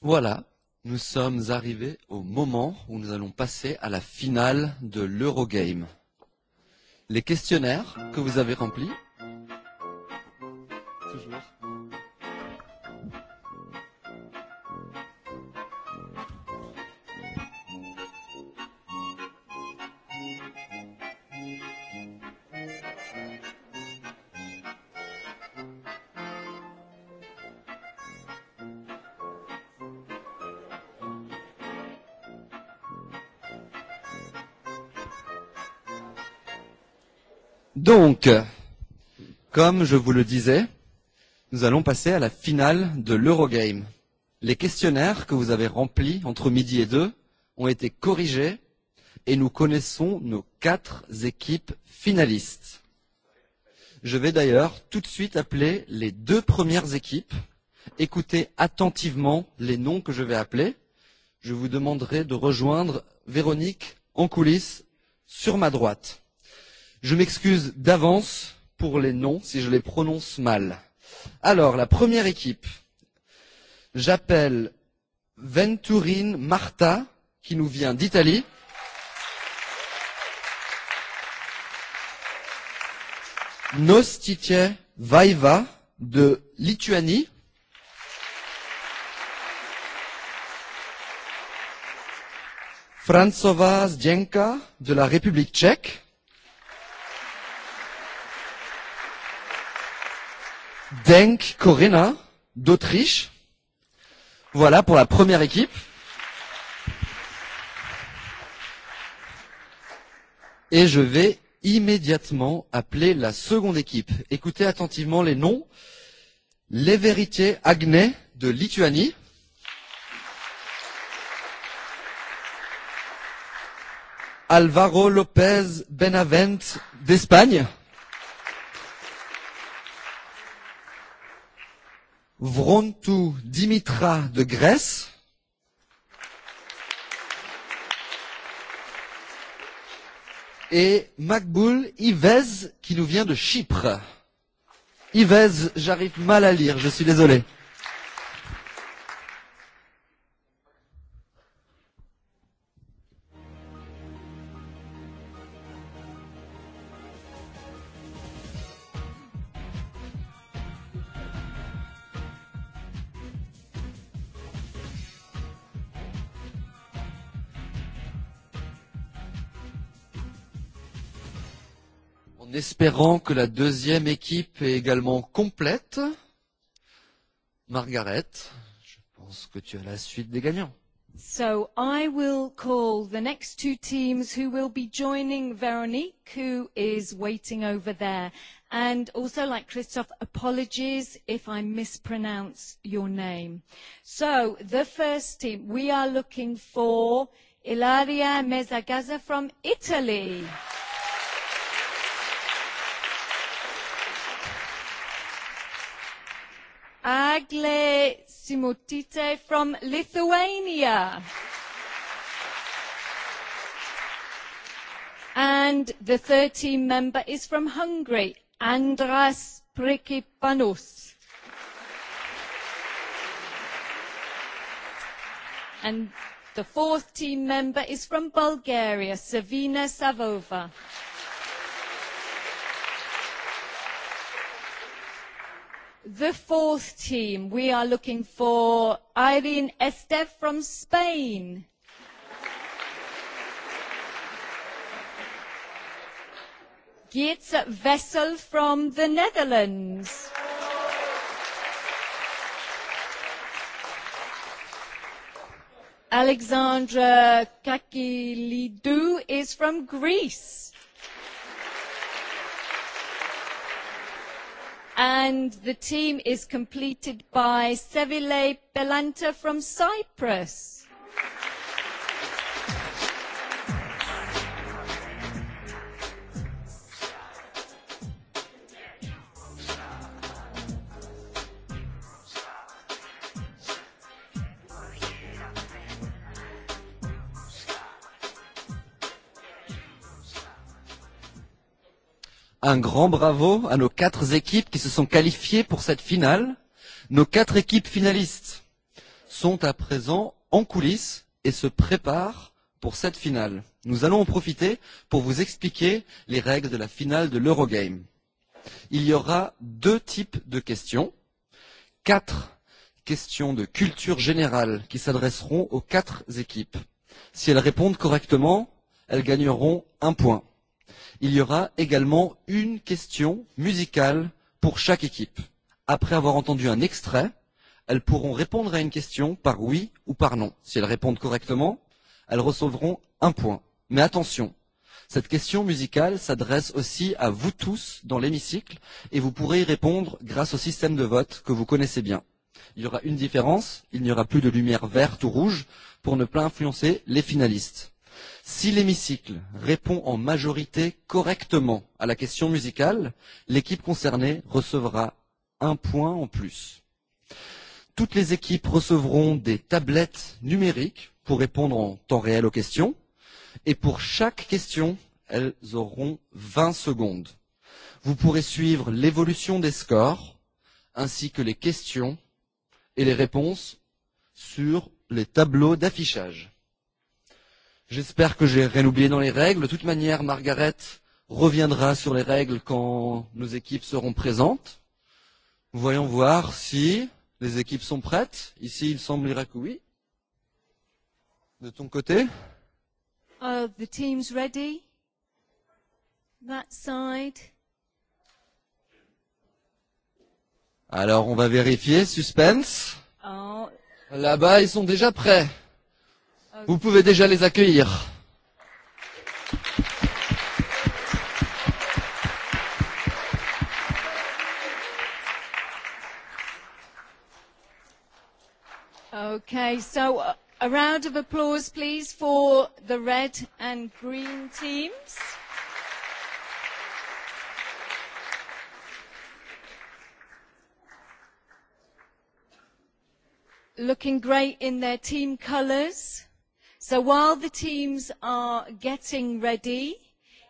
Voilà, nous sommes arrivés au moment où nous allons passer à la finale de l'Eurogame les questionnaires que vous avez remplis. Toujours. comme je vous le disais, nous allons passer à la finale de l'Eurogame. Les questionnaires que vous avez remplis entre midi et deux ont été corrigés et nous connaissons nos quatre équipes finalistes. Je vais d'ailleurs tout de suite appeler les deux premières équipes. Écoutez attentivement les noms que je vais appeler. Je vous demanderai de rejoindre Véronique en coulisses sur ma droite. Je m'excuse d'avance pour les noms si je les prononce mal. Alors, la première équipe, j'appelle Venturine Marta, qui nous vient d'Italie. Nostitie Vaiva de Lituanie. Francova Zdienka de la République tchèque. Denk Corinna d'Autriche. Voilà pour la première équipe. Et je vais immédiatement appeler la seconde équipe. Écoutez attentivement les noms. Les Vérités Agné de Lituanie. Alvaro Lopez Benavent d'Espagne. Vrontou Dimitra de Grèce. Et Macboul Ivez qui nous vient de Chypre. Ivez, j'arrive mal à lire, je suis désolé. espérant que la deuxième équipe est également complète. Margaret, je pense que tu as la suite des gagnants. So I will call the next two teams who will be joining Veronique, who is waiting over there. And also, like Christophe, apologies if I mispronounce your name. So the first team, we are looking for Ilaria Mezagaza from Italy. Yeah. Agle Simutite from Lithuania. And the third team member is from Hungary, Andras Prikipanus. And the fourth team member is from Bulgaria, Savina Savova. the fourth team, we are looking for Irene Estef from Spain. Geertz Vessel from the Netherlands. Alexandra Kakilidou is from Greece. and the team is completed by Sevile Belanta from Cyprus. un grand bravo à nos quatre équipes qui se sont qualifiées pour cette finale. Nos quatre équipes finalistes sont à présent en coulisses et se préparent pour cette finale. Nous allons en profiter pour vous expliquer les règles de la finale de l'Eurogame. Il y aura deux types de questions. Quatre questions de culture générale qui s'adresseront aux quatre équipes. Si elles répondent correctement, elles gagneront un point. Il y aura également une question musicale pour chaque équipe. Après avoir entendu un extrait, elles pourront répondre à une question par oui ou par non. Si elles répondent correctement, elles recevront un point. Mais attention, cette question musicale s'adresse aussi à vous tous dans l'hémicycle et vous pourrez y répondre grâce au système de vote que vous connaissez bien. Il y aura une différence, il n'y aura plus de lumière verte ou rouge pour ne pas influencer les finalistes. Si l'hémicycle répond en majorité correctement à la question musicale, l'équipe concernée recevra un point en plus. Toutes les équipes recevront des tablettes numériques pour répondre en temps réel aux questions. Et pour chaque question, elles auront 20 secondes. Vous pourrez suivre l'évolution des scores, ainsi que les questions et les réponses sur les tableaux d'affichage. J'espère que j'ai rien oublié dans les règles. De toute manière, Margaret reviendra sur les règles quand nos équipes seront présentes. Voyons voir si les équipes sont prêtes. Ici, il semblera que oui. De ton côté Are the teams ready That side Alors, on va vérifier. Suspense. Oh. Là-bas, ils sont déjà prêts. Vous pouvez déjà les accueillir. Okay, so uh, a round of applause, please, for the red and green teams. Looking great in their team colors. So while the teams are getting ready,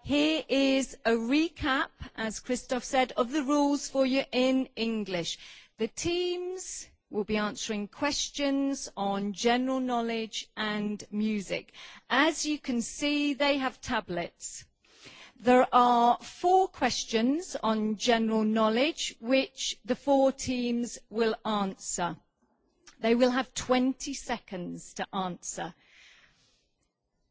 here is a recap, as Christoph said, of the rules for you in English. The teams will be answering questions on general knowledge and music. As you can see, they have tablets. There are four questions on general knowledge, which the four teams will answer. They will have 20 seconds to answer.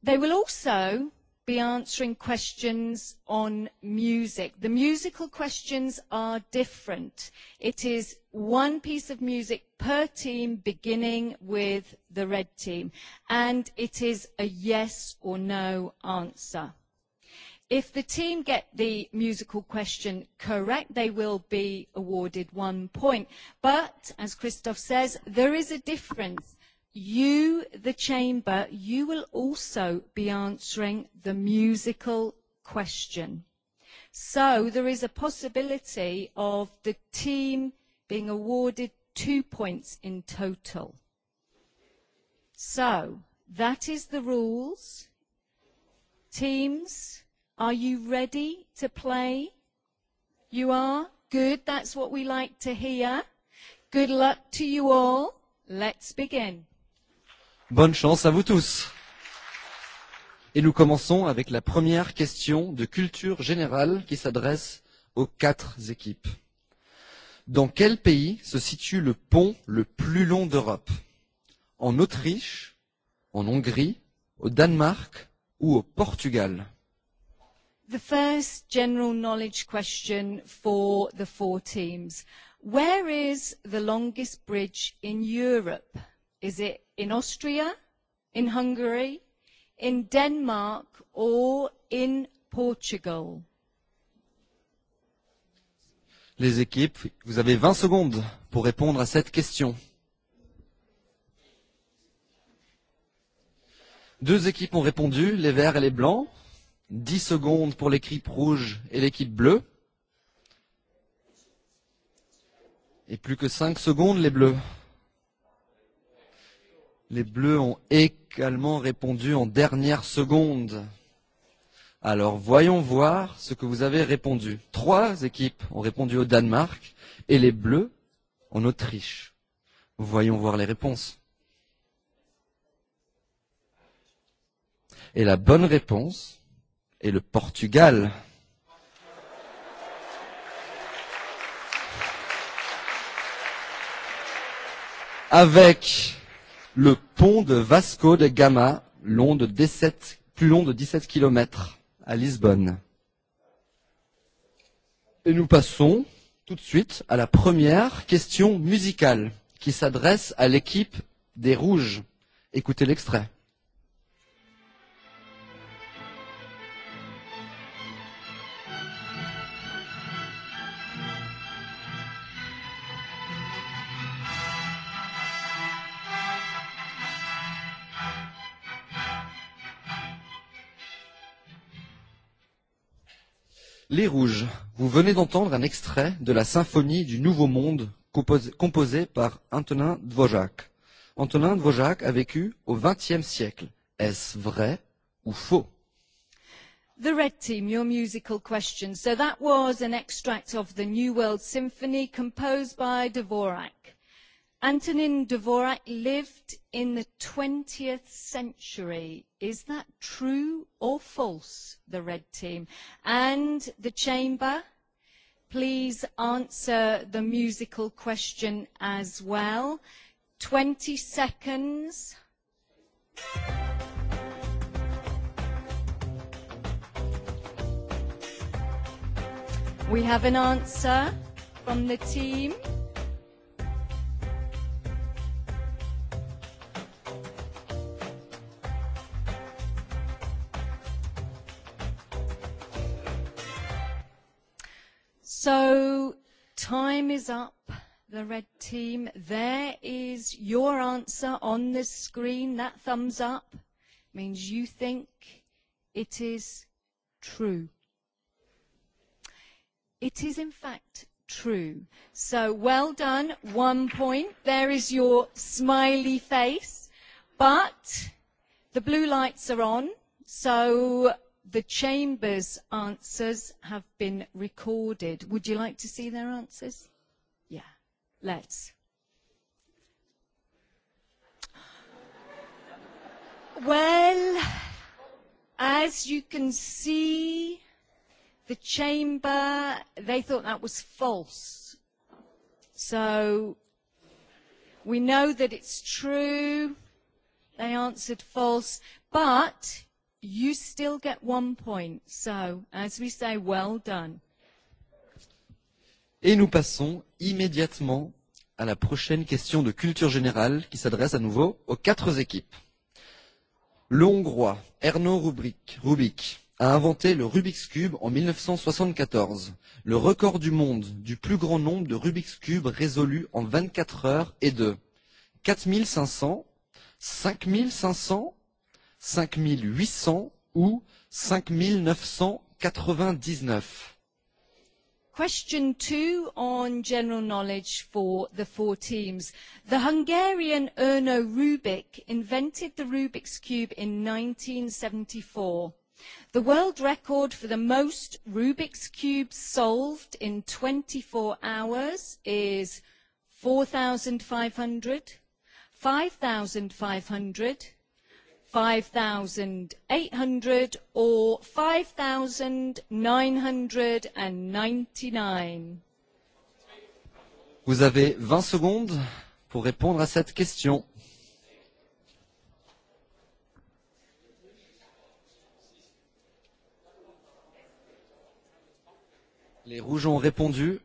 They will also be answering questions on music. The musical questions are different. It is one piece of music per team beginning with the red team and it is a yes or no answer. If the team get the musical question correct, they will be awarded one point. But, as Christoph says, there is a difference you, the chamber, you will also be answering the musical question. So there is a possibility of the team being awarded two points in total. So that is the rules. Teams, are you ready to play? You are? Good. That's what we like to hear. Good luck to you all. Let's begin. Bonne chance à vous tous. Et nous commençons avec la première question de culture générale qui s'adresse aux quatre équipes. Dans quel pays se situe le pont le plus long d'Europe En Autriche, en Hongrie, au Danemark ou au Portugal The first general knowledge question for the four teams. Where is the longest bridge in Europe? Is it in Austria, in Hungary, in Denmark, or in Portugal. Les équipes, vous avez 20 secondes pour répondre à cette question. Deux équipes ont répondu, les verts et les blancs. 10 secondes pour l'équipe rouge et l'équipe bleue. Et plus que 5 secondes, les bleus. Les bleus ont également répondu en dernière seconde. Alors voyons voir ce que vous avez répondu. Trois équipes ont répondu au Danemark et les bleus en Autriche. Voyons voir les réponses. Et la bonne réponse est le Portugal. Avec le pont de Vasco de Gama, long de 17, plus long de 17 km à Lisbonne. Et nous passons tout de suite à la première question musicale qui s'adresse à l'équipe des Rouges. Écoutez l'extrait. Les Rouges, vous venez d'entendre un extrait de la symphonie du Nouveau Monde composée composé par Antonin Dvořák. Antonin Dvořák a vécu au XXe siècle. Est-ce vrai ou faux? The Red Team, your musical question. So that was an extract of the New World Symphony composed by Dvorak. Antonin Dvorak lived in the 20th century. Is that true or false, the red team? And the chamber, please answer the musical question as well. 20 seconds. We have an answer from the team. So time is up, the red team. There is your answer on the screen. That thumbs up means you think it is true. It is in fact true. So well done, one point. There is your smiley face. But the blue lights are on, so the Chamber's answers have been recorded. Would you like to see their answers? Yeah, let's. Well, as you can see, the Chamber, they thought that was false. So we know that it's true. They answered false. But you still get one point. So, as we say, well done. Et nous passons immédiatement à la prochaine question de culture générale qui s'adresse à nouveau aux quatre équipes. Le Hongrois Erno Rubik, Rubik a inventé le Rubik's Cube en 1974, le record du monde du plus grand nombre de Rubik's Cube résolus en 24 heures est de 4500, 5500 5800 ou 5999. Question two on general knowledge for the four teams. The Hungarian Erno Rubik invented the Rubik's Cube in 1974. The world record for the most Rubik's Cubes solved in 24 hours is 4,500, 5,500, 5,800 or 5,999 Vous avez 20 secondes pour répondre à cette question. Les rouges ont répondu.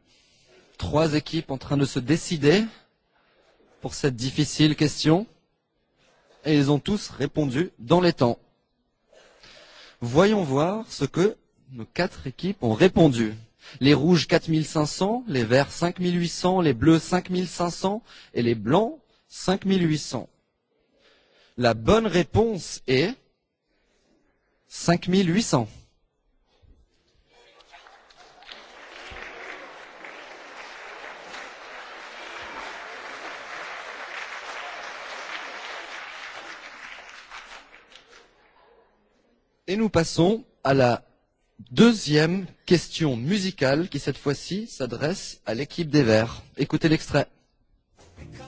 Trois équipes en train de se décider pour cette difficile question et ils ont tous répondu dans les temps. Voyons voir ce que nos quatre équipes ont répondu. Les rouges 4500, les verts 5800, les bleus 5500 et les blancs 5800. La bonne réponse est 5800. Et nous passons à la deuxième question musicale qui cette fois-ci s'adresse à l'équipe des Verts. Écoutez l'extrait. Because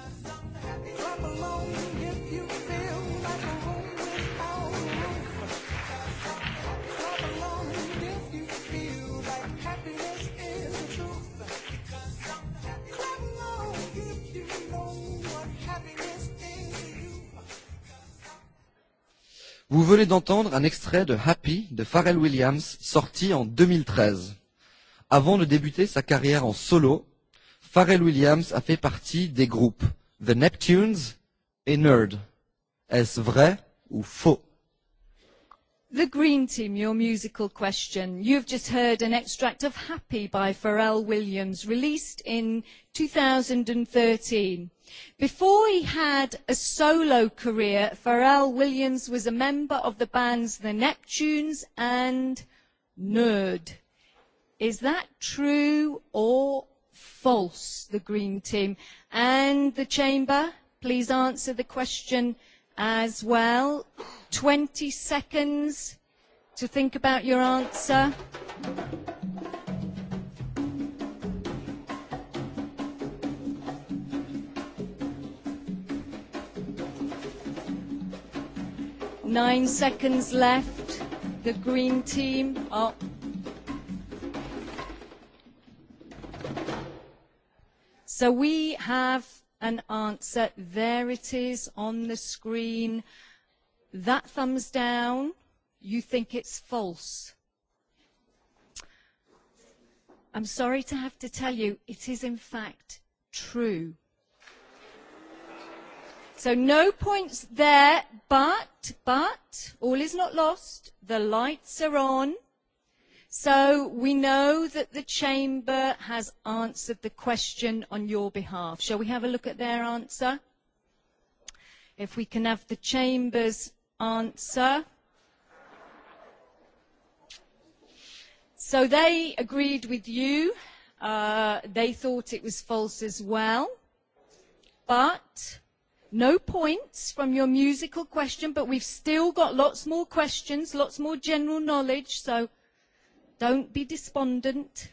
Vous venez d'entendre un extrait de Happy de Pharrell Williams sorti en 2013. Avant de débuter sa carrière en solo, Pharrell Williams a fait partie des groupes The Neptunes et Nerd. Est-ce vrai ou faux? The Green Team, your musical question. You've just heard an extract of Happy by Pharrell Williams, released in 2013. Before he had a solo career, Pharrell Williams was a member of the bands The Neptunes and Nerd. Is that true or false, the Green Team? And the Chamber, please answer the question as well. 20 seconds to think about your answer. Nine seconds left. The green team are. So we have an answer. There it is on the screen. That thumbs down, you think it's false. I'm sorry to have to tell you, it is in fact true So no points there, but, but, all is not lost. The lights are on. So we know that the chamber has answered the question on your behalf. Shall we have a look at their answer? If we can have the chamber's answer. So they agreed with you. Uh, they thought it was false as well. But no points from your musical question, but we've still got lots more questions, lots more general knowledge, so don't be despondent.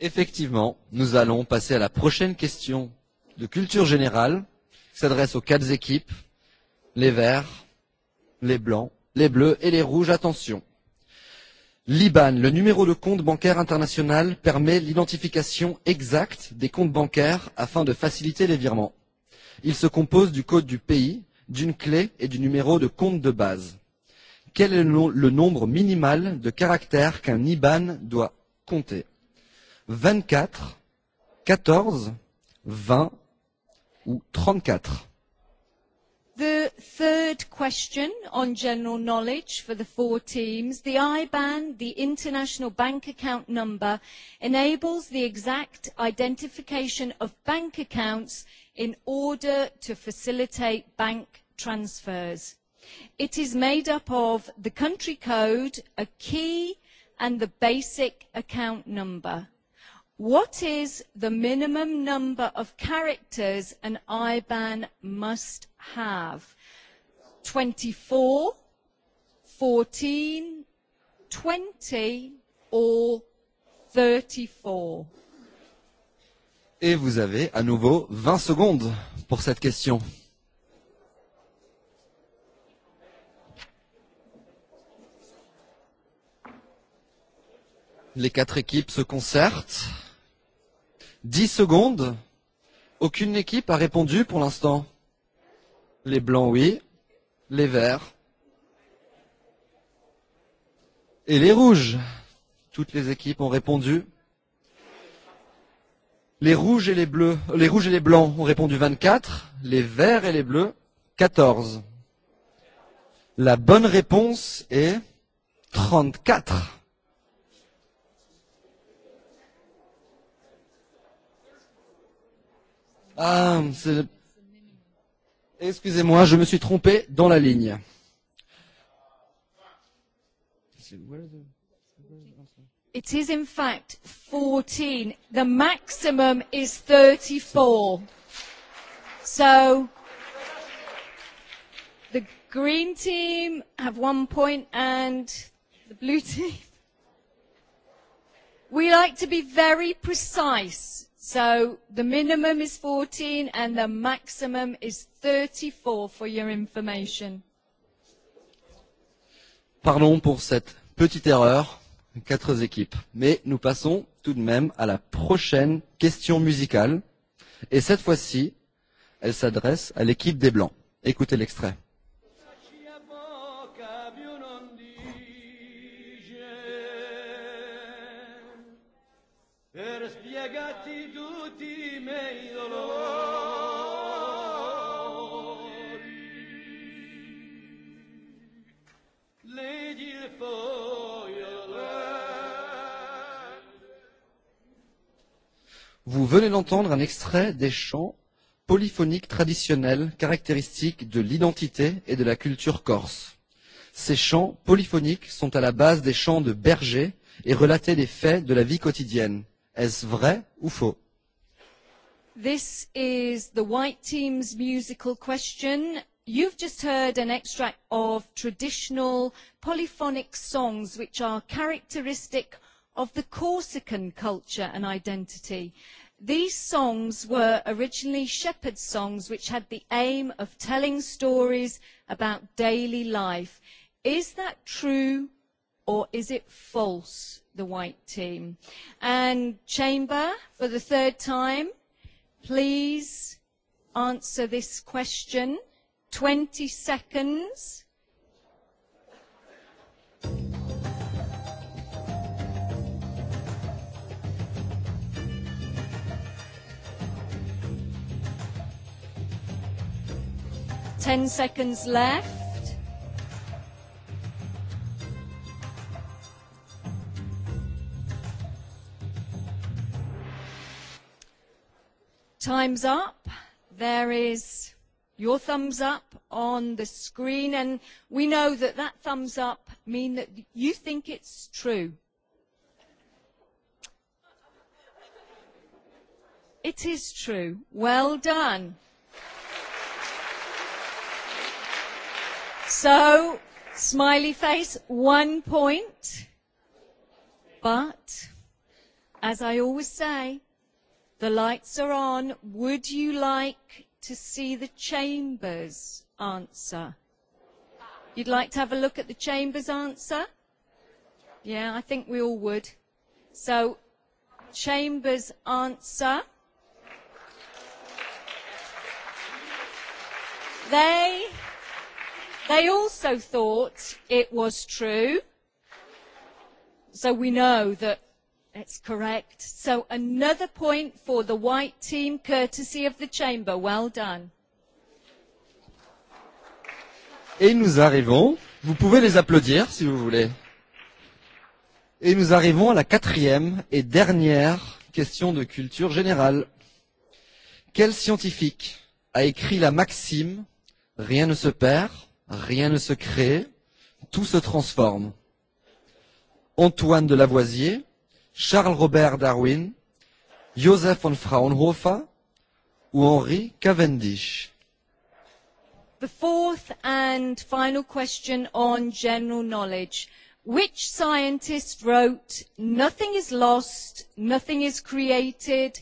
Effectivement, nous allons passer à la prochaine question de culture générale qui s'adresse aux quatre équipes, les verts, les blancs, les bleus et les rouges. Attention. L'IBAN, le numéro de compte bancaire international, permet l'identification exacte des comptes bancaires afin de faciliter les virements. Il se compose du code du pays, d'une clé et du numéro de compte de base. Quel est le nombre minimal de caractères qu'un IBAN doit compter 24, 14, 20 ou 34 The third question on general knowledge for the four teams, the IBAN, the international bank account number, enables the exact identification of bank accounts in order to facilitate bank transfers. It is made up of the country code, a key, and the basic account number. What is the minimum number of characters an IBAN must have? 24, 14, 20, or 34? Et vous avez à nouveau 20 secondes pour cette question. Les quatre équipes se concertent. 10 secondes. Aucune équipe a répondu pour l'instant. Les blancs, oui. Les verts. Et les rouges. Toutes les équipes ont répondu. Les rouges et les bleus, les rouges et les blancs ont répondu 24, les verts et les bleus 14. La bonne réponse est 34. Ah, c'est... Excusez-moi, je me suis trompé dans la ligne. Where It is in fact 14. The maximum is 34. So the green team have one point and the blue team. We like to be very precise. So the minimum is 14 and the maximum is 34 for your information. Pardon pour cette petite erreur quatre équipes. Mais nous passons tout de même à la prochaine question musicale. Et cette fois-ci, elle s'adresse à l'équipe des Blancs. Écoutez l'extrait. Vous venez d'entendre un extrait des chants polyphoniques traditionnels caractéristiques de l'identité et de la culture corse. Ces chants polyphoniques sont à la base des chants de berger et relataient des faits de la vie quotidienne. Est-ce vrai ou faux This is the White Team's musical question. You've just heard an extract of traditional polyphonic songs which are characteristic of the Corsican culture and identity. These songs were originally shepherd's songs which had the aim of telling stories about daily life. Is that true or is it false, the white team? And Chamber, for the third time, please answer this question. 20 seconds. 10 seconds left. Time's up. There is your thumbs up on the screen, and we know that that thumbs up mean that you think it's true. It is true. Well done. So, smiley face, one point. But, as I always say, the lights are on. Would you like to see the Chambers answer? You'd like to have a look at the Chambers answer? Yeah, I think we all would. So, Chambers answer. They They also thought it was true. So we know that it's correct. So another point for the white team, courtesy of the chamber. Well done. Et nous arrivons, vous pouvez les applaudir si vous voulez. Et nous arrivons à la quatrième et dernière question de culture générale. Quel scientifique a écrit la maxime Rien ne se perd, rien ne se crée, tout se transforme. Antoine de Lavoisier, Charles Robert Darwin, Joseph von Fraunhofer ou Henri Cavendish. The fourth and final question on general knowledge. Which scientist wrote, Nothing is lost, nothing is created,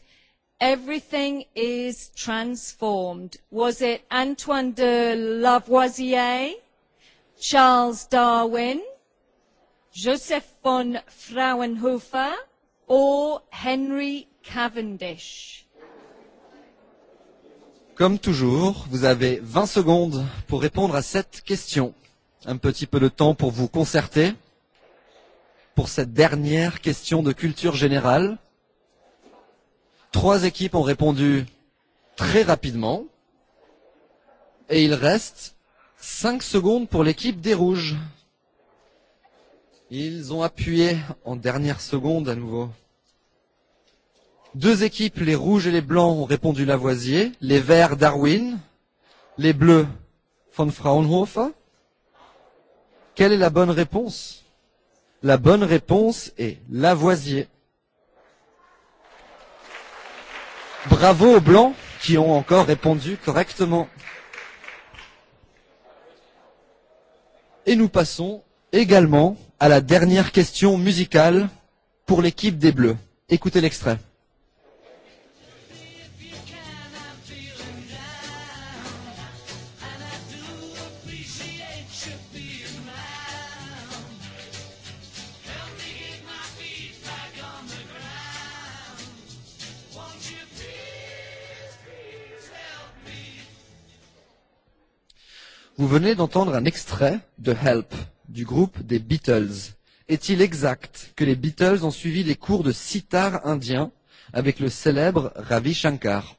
everything is transformed. Was it Antoine de Lavoisier, Charles Darwin, Joseph von Frauenhofer, or Henry Cavendish? Comme toujours, vous avez 20 secondes pour répondre à cette question. Un petit peu de temps pour vous concerter pour cette dernière question de culture générale. Trois équipes ont répondu très rapidement. Et il reste 5 secondes pour l'équipe des Rouges. Ils ont appuyé en dernière seconde à nouveau. Deux équipes, les Rouges et les Blancs, ont répondu Lavoisier. Les Verts, Darwin. Les Bleus, von Fraunhofer. Quelle est la bonne réponse La bonne réponse est Lavoisier. Bravo aux Blancs qui ont encore répondu correctement. Et nous passons également à la dernière question musicale pour l'équipe des Bleus. Écoutez l'extrait. Vous venez d'entendre un extrait de Help du groupe des Beatles. Est-il exact que les Beatles ont suivi les cours de sitar indien avec le célèbre Ravi Shankar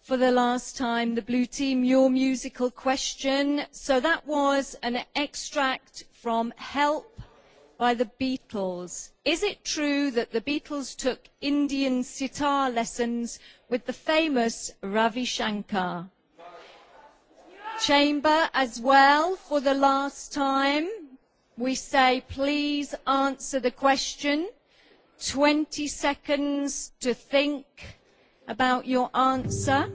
for the last time, the blue team, your musical question. So that was an extract from Help by the Beatles. Is it true that the Beatles took Indian sitar lessons with the famous Ravi Shankar? chamber as well for the last time. We say please answer the question. 20 seconds to think about your answer.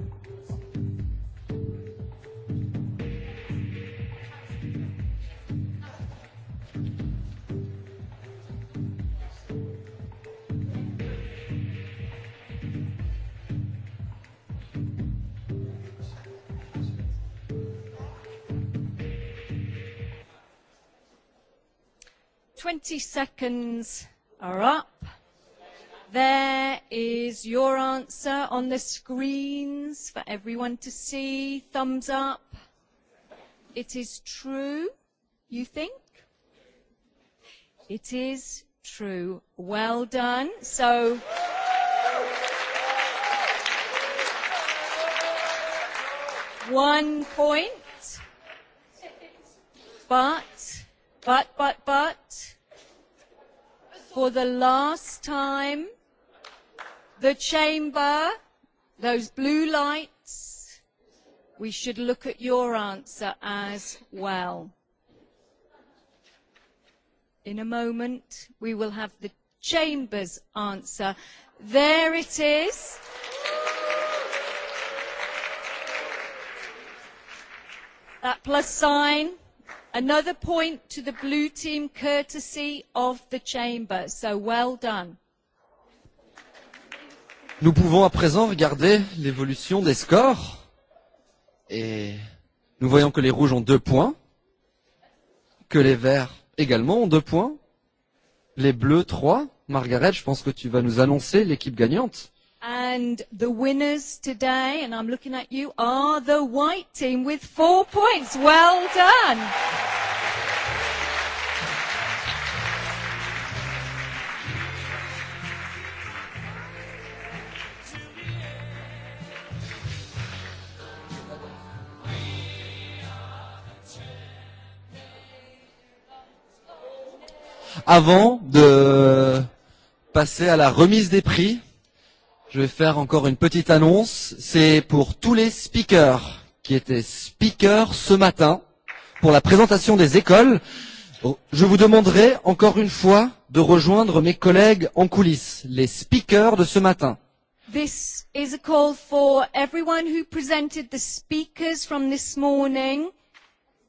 20 seconds are up. There is your answer on the screens for everyone to see. Thumbs up. It is true, you think? It is true. Well done. So. One point. But, but, but, but for the last time the chamber, those blue lights, we should look at your answer as well. In a moment, we will have the chamber's answer. There it is. That plus sign Another point to the blue team, courtesy of the chamber. So well done. Nous pouvons à présent regarder l'évolution des scores. Et nous voyons que les rouges ont deux points, que les verts également ont deux points, les bleus trois. Margaret, je pense que tu vas nous annoncer l'équipe gagnante. And the winners today, and I'm looking at you, are the white team with four points. Well done. Avant de passer à la remise des prix, je vais faire encore une petite annonce. C'est pour tous les speakers qui étaient speakers ce matin pour la présentation des écoles. Je vous demanderai encore une fois de rejoindre mes collègues en coulisses, les speakers de ce matin. This is a call for everyone who presented the speakers from this morning.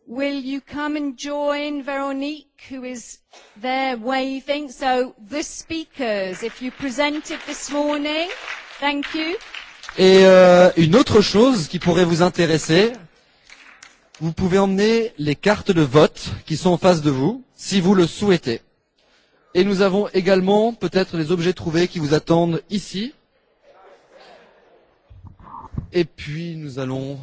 Will you come and join Veronique, who is there waving? So the speakers, if you presented this morning, thank you. Et euh, une autre chose qui pourrait vous intéresser, vous pouvez emmener les cartes de vote qui sont en face de vous, si vous le souhaitez. Et nous avons également peut-être les objets trouvés qui vous attendent ici. Et puis nous allons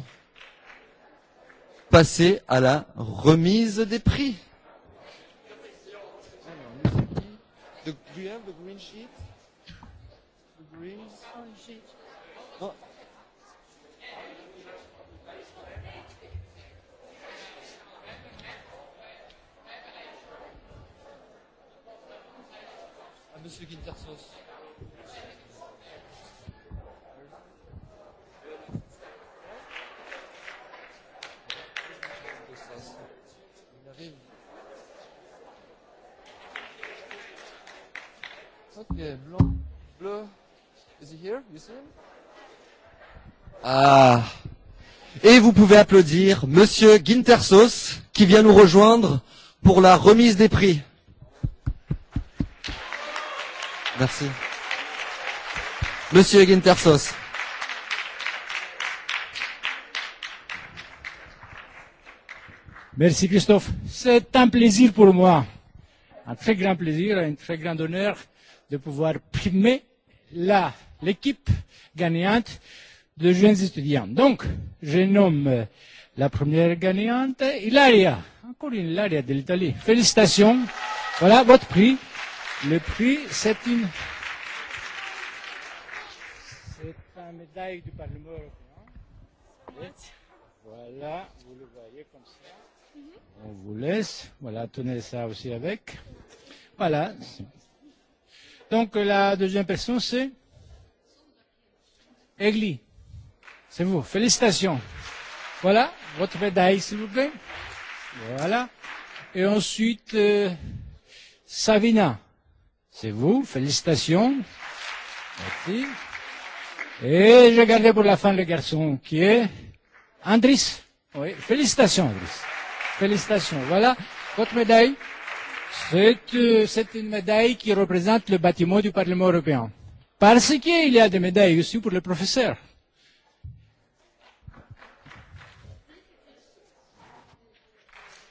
passer à la remise des prix. Monsieur Guintersos. Okay, blue. blue. is he here? You see him? Ah. Et vous pouvez applaudir Monsieur Gintersos qui vient nous rejoindre pour la remise des prix. Merci. Monsieur Gintersos. Merci Christophe. C'est un plaisir pour moi. Un très grand plaisir, un très grand honneur de pouvoir primer la, l'équipe gagnante de jeunes étudiants. Donc, je nomme euh, la première gagnante, Ilaria. Encore une Ilaria de l'Italie. Félicitations. Voilà votre prix. Le prix, c'est une... C'est une médaille du Parlement européen. Voilà, vous le voyez comme ça. Mhm. On vous laisse. Voilà, tenez ça aussi avec. Voilà, Donc euh, la deuxième personne, c'est Egli. C'est vous. Félicitations. Voilà, votre médaille, s'il vous plaît. Voilà. Et ensuite, euh, Savina. C'est vous. Félicitations. Merci. Et je gardé pour la fin le garçon qui est Andris. Oui, félicitations, Andris. Félicitations. Voilà, votre médaille. Euh, C'est une médaille qui représente le bâtiment du Parlement européen. Parce qu'il y a des médailles aussi pour les professeurs.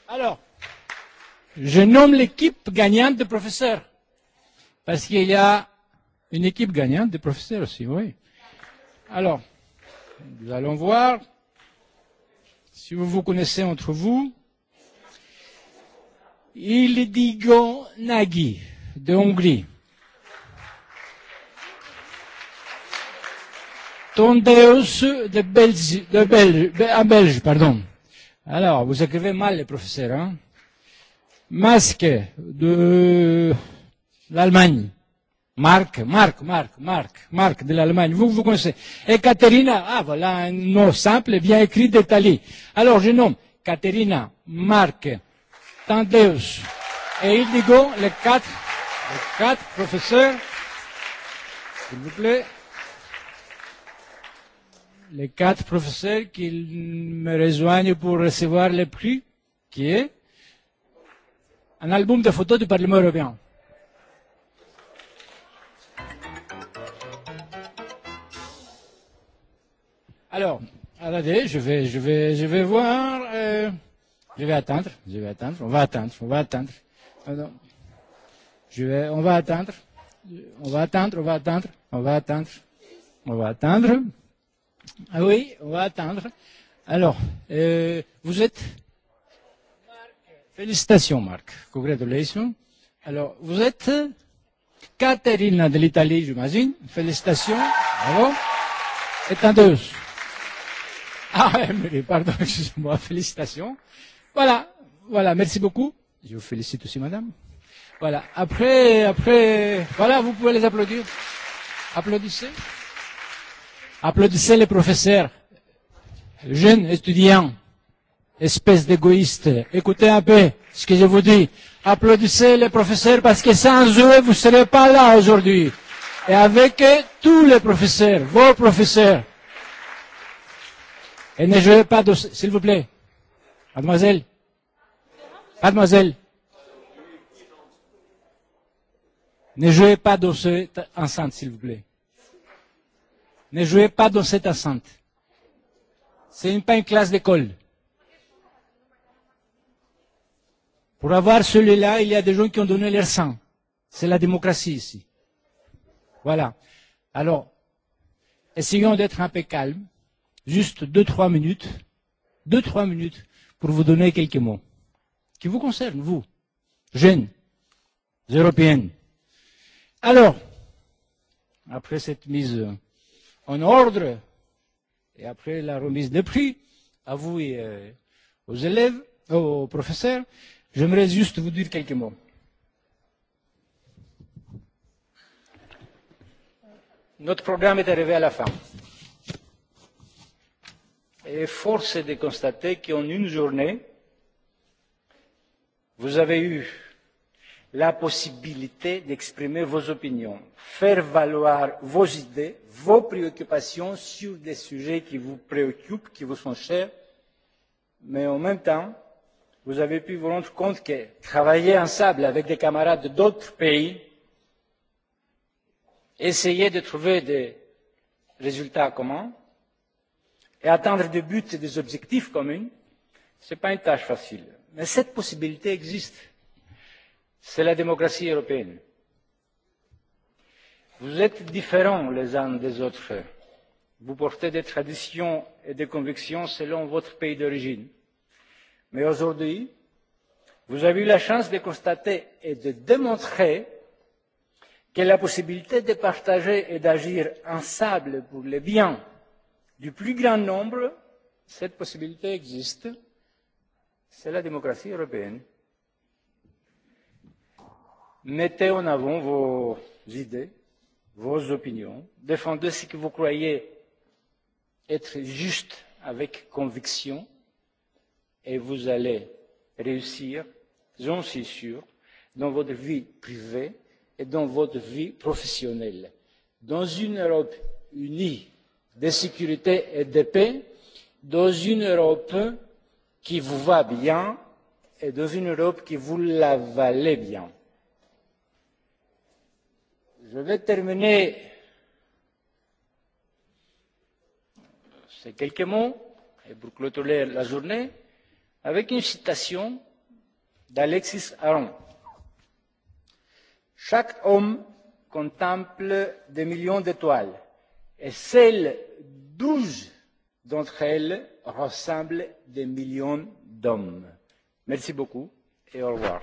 Alors, je nomme l'équipe gagnante de professeurs. Parce qu'il y a une équipe gagnante de professeurs aussi, oui. Alors, nous allons voir si vous vous connaissez entre vous. Ildigo Nagy de Hongrie. Tondeus de Belge, de Belge, à ah, Belge, pardon. Alors, vous écrivez mal les professeurs, hein. Masque de l'Allemagne. Marc, Marc, Marc, Marc, Marc de l'Allemagne. Vous, vous connaissez. Et Caterina, ah, voilà un nom simple, bien écrit d'Italie. Alors, je nomme Caterina, Marc, Thaddéus. Et Indigo, les quatre, les quatre professeurs, s'il vous plaît, les quatre professeurs qui me rejoignent pour recevoir le prix, qui est un album de photos du Parlement européen. Alors, attendez, je vais, je vais, je vais voir. Euh Je vais attendre, je vais attendre, on va attendre, on va attendre. Pardon. Je vais, on va attendre, on va attendre, on va attendre, on va attendre, on va attendre. Ah oui, on va attendre. Alors, euh, vous êtes Félicitations Marc, congratulations. Alors, vous êtes Caterina de l'Italie, j'imagine. Félicitations, bravo. Et un deux. Ah, Emily, pardon, excusez-moi, félicitations. Voilà, voilà, merci beaucoup. Je vous félicite aussi, madame. Voilà, après, après, voilà, vous pouvez les applaudir. Applaudissez. Applaudissez les professeurs. les Jeunes étudiants, espèces d'égoïstes, écoutez un peu ce que je vous dis. Applaudissez les professeurs parce que sans eux, vous ne serez pas là aujourd'hui. Et avec eux, tous les professeurs, vos professeurs. Et ne jouez pas, s'il vous plaît, Mademoiselle Mademoiselle Ne jouez pas dans cette enceinte, s'il vous plaît. Ne jouez pas dans cette enceinte. Ce n'est pas une classe d'école. Pour avoir celui-là, il y a des gens qui ont donné leur sang. C'est la démocratie ici. Voilà. Alors, essayons d'être un peu calmes. Juste deux, trois minutes. Deux, trois minutes pour vous donner quelques mots qui vous concernent, vous, jeunes européennes. Alors, après cette mise en ordre et après la remise des prix, à vous et euh, aux élèves, euh, aux professeurs, j'aimerais juste vous dire quelques mots. Notre programme est arrivé à la fin et force est de constater qu'en une journée, vous avez eu la possibilité d'exprimer vos opinions, faire valoir vos idées, vos préoccupations sur des sujets qui vous préoccupent, qui vous sont chers, mais en même temps, vous avez pu vous rendre compte que travailler ensemble avec des camarades d'autres pays, essayer de trouver des résultats communs, et atteindre des buts et des objectifs communs, ce n'est pas une tâche facile. Mais cette possibilité existe. C'est la démocratie européenne. Vous êtes différents les uns des autres. Vous portez des traditions et des convictions selon votre pays d'origine. Mais aujourd'hui, vous avez eu la chance de constater et de démontrer que la possibilité de partager et d'agir ensemble pour le bien du plus grand nombre, cette possibilité existe. C'est la démocratie européenne. Mettez en avant vos idées, vos opinions, défendez ce que vous croyez être juste avec conviction et vous allez réussir, j'en suis sûr, dans votre vie privée et dans votre vie professionnelle. Dans une Europe unie de sécurité et de paix dans une Europe qui vous va bien et dans une Europe qui vous la valait bien. Je vais terminer ces quelques mots et pour clôturer la journée avec une citation d'Alexis Aron. Chaque homme contemple des millions d'étoiles et seules douze d'entre elles rassemblent des millions d'hommes. merci beaucoup et au revoir.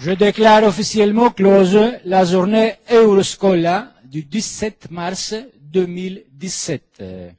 Je déclare officiellement close la journée Euroscola du 17 mars 2017.